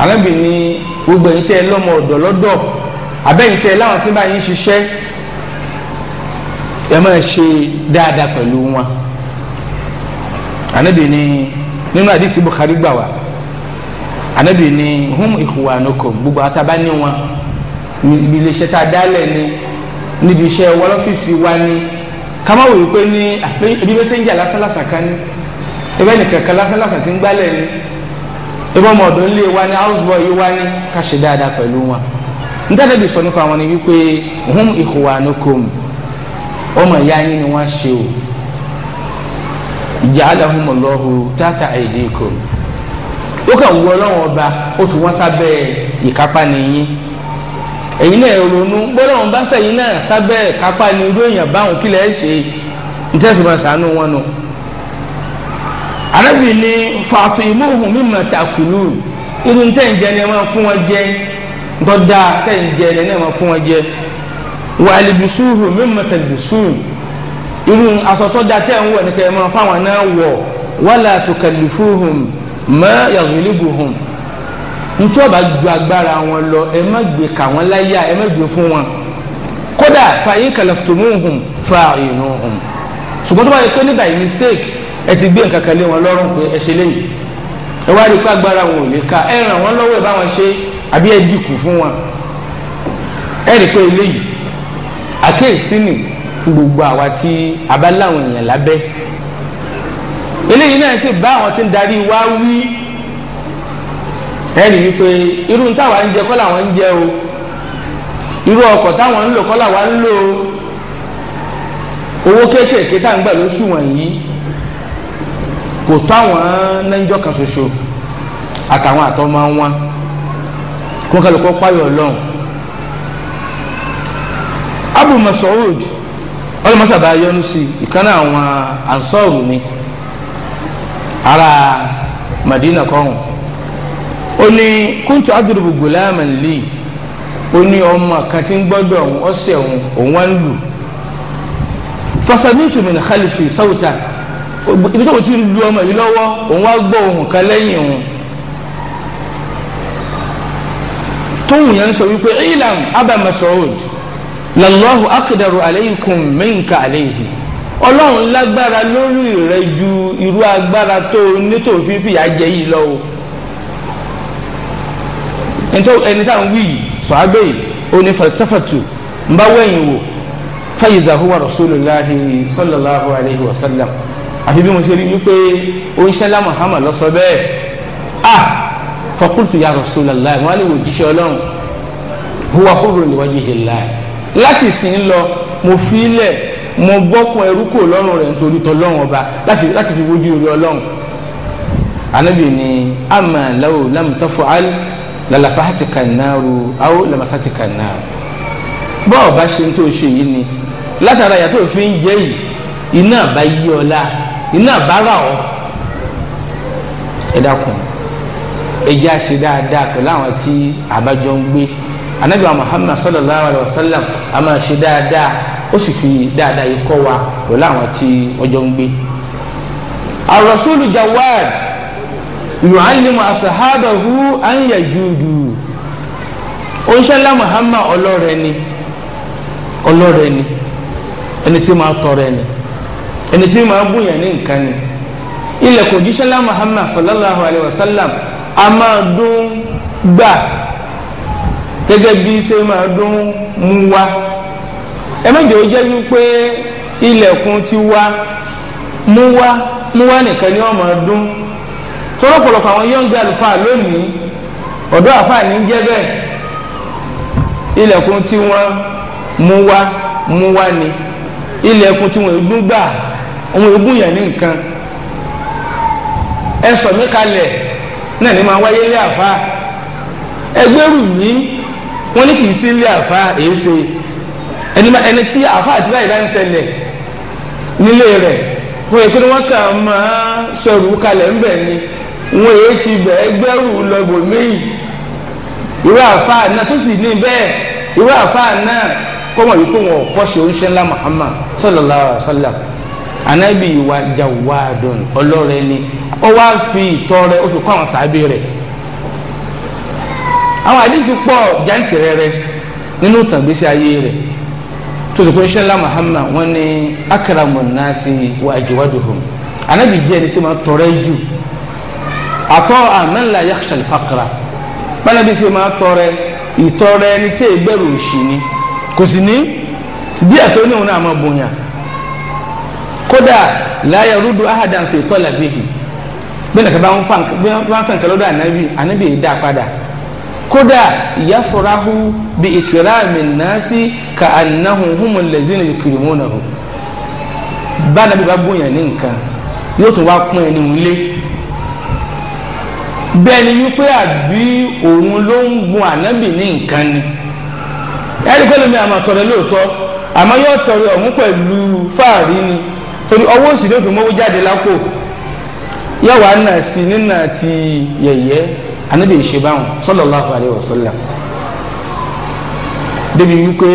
anabi ni gbogbo ẹ̀yin tẹ́ ẹ lọ́mọ ọ̀dọ̀ lọ́dọ̀ abẹ́yìn tẹ́ ẹ láwọn tí bá yín ṣiṣẹ́ ẹ máa ṣe dáadáa pẹ̀lú wọn anabi ni nínú àdìsí Bukhari gbà wá anabi ni hum ikhwanukum gbogbo àtàbá ni wọn ibi iléeṣẹ́ tá a ni níbi iṣẹ́ wọlọ́fíìsì wa ni kama wòye pé ní ebi bẹ́sẹ̀ ń jà lásánlásán kan ní ebe nìkankan lásánlásán ti ń gbálẹ̀ ni ebe ọmọ ọ̀dọ́ ńlẹ̀ wa ni houseboy wa ni ká ṣe dáadáa pẹ̀lú wọn nítorí bí sọ nípa wọn ni wípé hum ikhwanukum ọmọ ìyá yín ni wọ́n ṣe o ja'alahumullahu tata aydikum ó kàn wọ ọlọ́run ọba ó fi wọ́n sábẹ́ ìkápá nìyí ẹ̀yin náà ronú bọ́lọ́run bá fẹ̀yìn náà sábẹ́ ìkápá ni irú èèyàn báwọn kí lẹ́ẹ̀ ṣe nítorí fi máa ṣàánú wọn nù. arábìnrin ni fa'timuhum mimma ta'kulun irú tẹ̀ ń jẹ ni ẹ máa fún wọn jẹ ntọ́ da tẹ̀ ń jẹ ni ẹ máa fún wọn jẹ wa alibisuhum mimma talbisun irú aṣọ tó da tẹ́ ń wọ̀ ní kẹ́mọ́ fáwọn náà wọ̀ wala tukallifuhum ma yaghlibuhum ntí ọba ju agbára wọn lọ ẹ má gbé kà wọn láyà ẹ má gbé fún wọn kódà fàyín kalaftumuhum fa'inuhum ṣùgbọ́n tó bá yẹ pé ní by mistake ẹ ti gbé nǹkan kan lé wọn lọ́rùn pé ẹ ṣe léyìí ẹ wá rí i pé agbára wọn ò lè ka ẹ ràn wọn lọ́wọ́ ẹ bá wọn ṣe àbí ẹ dìkù fún wọn ẹ rí i pé eléyìí àkéèsí nìyí fún gbogbo àwa tí a bá láwọn èèyàn lábẹ́ eléyìí náà sì bá àwọn tí ń darí wa wí ẹ̀rí wípé irú táwa ń jẹ kọ́ làwọn ń jẹ o irú ọkọ̀ táwọn ń lò kọ́ làwọn ń lò owó kéékèèké tá à ń gbà lóṣù wọ̀nyí kò tó àwọn náńjọ́ kan ṣoṣo àtàwọn àtọmọ wọn kó kálukọ́ páyọ̀ ọlọ́run Abu Masoud ọlọmọṣà bá yọnu sí ìkànnì àwọn ansọ́ọ̀rù ni ara Madina kọ́hún ó ní kúntù adúrúbù gòláàmà lè ó ní ọmọ kan tí ń gbọ́dọ̀ ọ̀hún ọ̀sẹ̀ ọ̀hún òun wá ń lù fasanitu min khalifi sauta ibi tó kò tí ń lu ọmọ yìí lọ́wọ́ òun wá gbọ́ ohùn kan lẹ́yìn òun tóun yẹn ń sọ wípé ilam abba lallahu akadaru aleikum minka aleihi ọlọ́run lágbára lórí rẹ ju irú agbára tó nítò fífi àjẹ yìí lọ o ẹni tá à ń wí yìí sọ́ábẹ́ yìí òní fàtàfàtù ń bá wẹ̀yìn wò fàyìdà huwa rasulillahi sallallahu alayhi wa sallam àfi bí mo ṣe rí wípé oníṣẹ́lá muhammad lọ sọ bẹ́ẹ̀ ah fakultu ya rasulallah wọn á lè wò jíṣẹ́ ọlọ́run huwa hurun liwajihillahi láti sìn lọ mo fi lẹ̀ mo bọ́kun ẹrú kò lọ́rùn rẹ̀ nítorí tọ́lọ́run ọba láti fi wojú orí ọlọ́run anabi ni ama lawo lamutafo al lalafahati kanaru awo lamasati kanaru bọ́ọ̀ bá ṣe tó ṣe yìí ni látara yàtọ̀ fi jẹ́ yìí iná bá yí ọ la iná bá rà ọ ẹ dákun ẹ jẹ́ àṣẹ dáadáa pẹ̀lú àwọn tí àbájọ ń gbé anabi wa muhammad sallallahu alaihi wa sallam a máa ṣe dáadáa ó sì fi dáadáa yìí kọ́ wa pẹ̀lú àwọn tí ọjọ́ ń gbé. arasulu jawad yu'allimu asahabahu an yajudu oṣiṣẹ́lá muhammad ọlọ́rẹ̀ ni ọlọ́rẹ̀ ni ẹni tí máa tọrẹ ni ẹni tí máa bùyàn ní nǹkan ni ilẹ̀kùn oṣiṣẹ́lá muhammad sallallahu alaihi wa sallam a máa dún gbà gẹ́gẹ́ bí ṣe máa dún mú wa ẹ má jẹ́ ó jẹ́ wípé ilẹ̀kùn ti wá mú wá mú wá nìkan ni wọ́n máa dún tọ́rọ̀ pọ̀lọpọ̀ àwọn yọ̀ǹgì àlùfáà lónìí ọ̀dọ́ àfáà ní jẹ́ bẹ́ẹ̀ ilẹ̀kùn tí wọ́n mú wá mú wá ni ilẹ̀kùn tí wọ́n ègún gbà wọ́n ègún yẹn ní nǹkan ẹ sọ mí kalẹ̀ náà ni máa wáyé ilé àfáà ẹgbẹ́rù yìí wọ́n ní kì í sí ilé àfa èyí ṣe ẹni ẹni tí àfa àti báyìí bá ń ṣẹlẹ̀ nílé rẹ̀ wọ́n yẹ pé wọ́n kà máa sọ̀rọ̀ kalẹ̀ ńbẹ̀ ni wọ́n yẹ ti bẹ̀ ẹgbẹ́rù lọ́gbọ̀ míì irú àfa náà tó sì ní bẹ́ẹ̀ irú àfa náà kọ́mọ̀ yìí kó wọn kọ́ ṣe oníṣẹ́ ńlá Muhammad sallallahu alaihi wa sallam anabi wa jawadun ọlọ́rẹ́ ni ó wá fi ìtọ́ rẹ̀ ó fi kọ́ àwọn sàábì rẹ̀ àwọn àdìsí pọ̀ jáǹtì rẹ̀rẹ̀ nínú tàgbésí ayé rẹ̀ tó sì pé ṣẹlá Muhammad wọn ni akaramu nasi wa ajwaduhum anabi jẹ́ ẹni tí ma tọrẹ jù àtọ́ àmẹ́lá yakhshal faqra bánabi sì ma tọrẹ ìtọrẹ ẹni tí ìgbẹ́rù òṣì ni kò sì ní bí àtọ́ ní òun náà máa bonya kódà la yarudu ahadan fi talabihi bí nàkàbà wọn fà ń kẹlọ́dọ̀ ànábì ànábì yìí dá padà kódà ìyáfurahu bí ìkìrámì nàásì ka ànáhùn húnmù lẹ́sìn ìkìrìmù náà bá nàbí bá bóyàn ní nǹkan yóò tún wá pín ẹni wílé bẹ́ẹ̀ ni wípé àbí òun ló ń gun ànábì ní nǹkan ni ẹni pẹ́lú mi àmọ́ tọrẹ lóòótọ́ àmọ́ yóò tọrẹ ọ̀hún pẹ̀lú fáàrí ni torí ọwọ́ òsì ló fi mọ́wó jáde lápò yóò wá nà sí nínà ti yẹ̀yẹ́ anabi ń ṣe báwọn sallallahu alayhi wa sallam débi wípé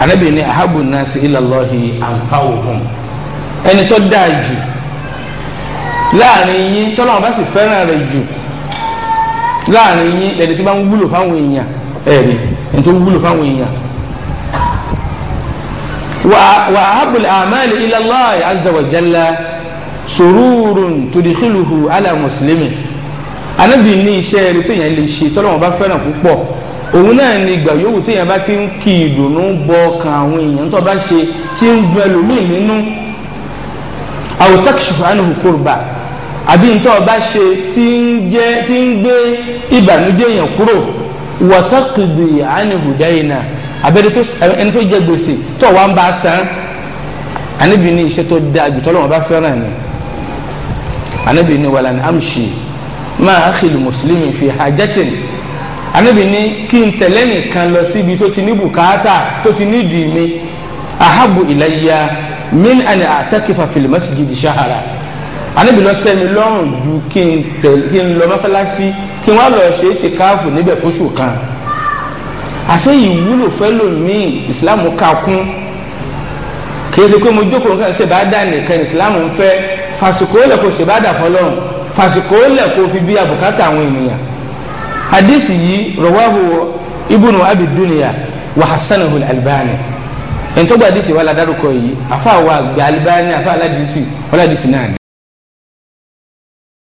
anabi ní ahabu nasi ilallahi anfa'uhum ẹni tó dáa jù láàrin yín tọ́lọ́wọ́n bá sì fẹ́ràn rẹ̀ jù láàrin yín lẹ́ni tí bá ń wúlò fáwọn èèyàn ẹ̀rí ẹni tó wúlò fáwọn èèyàn wa ahabul amali ilallahi azza wa jalla sururun tudikhiluhu ala muslimin anabi ní iṣẹ́ rẹ̀ téèyàn lè ṣe tọ́lọ́wọ́n bá fẹ́ràn púpọ̀ òun náà ni ìgbà yòówù téèyàn bá ti ń kí ìdùnnú bọ ọkàn àwọn èèyàn tó bá ṣe tí ń gbẹ lómi nínú aw takshifu anhu kurba àbí ntọ́ bá ṣe tí ń jẹ́ tí ń gbé ìbànújẹ́ yẹn kúrò wa taqdi anhu dayna abẹ́rẹ́ ẹni tó jẹ gbèsè tó wà ń bá san anabi ní iṣẹ́ tó dáa jù tọ́lọ́wọ́n bá fẹ́ràn ni anabi ni wàlá ni amṣi máa àkìlì mùsùlùmí fi hajjatin anabi ni kí n tẹ̀lé nìkan lọ síbi tó ti ní bùkátà tó ti ní dì mí ahabu ilayya min ani atakifa fil masjid shahara anabi lọ tẹ́ mi lọ́rùn ju kí n tẹ̀ kí n lọ mọ́sálásí kí wọ́n lọ ṣe é ti káàfù níbẹ̀ fóṣù kan àṣẹ ìwúlò fẹ́lò míì ìsìlámù kà kún kì í pé mo jókòó nǹkan ṣe bá dà nìkan ìsìlámù ń fẹ́ fàsìkò lẹ̀ kó ṣèbádà fọlọ́run fàsìkò lẹ̀ kó fi bí àbùkátà àwọn ènìyàn hadisi yìí rọwáhu ibùnú abiduniya wa hasanahu albani ntọ́gbà hadisi wà ládàrúkọ yìí afa wa gbé albani afa aladisi, wọ́n ládìsí náà ni.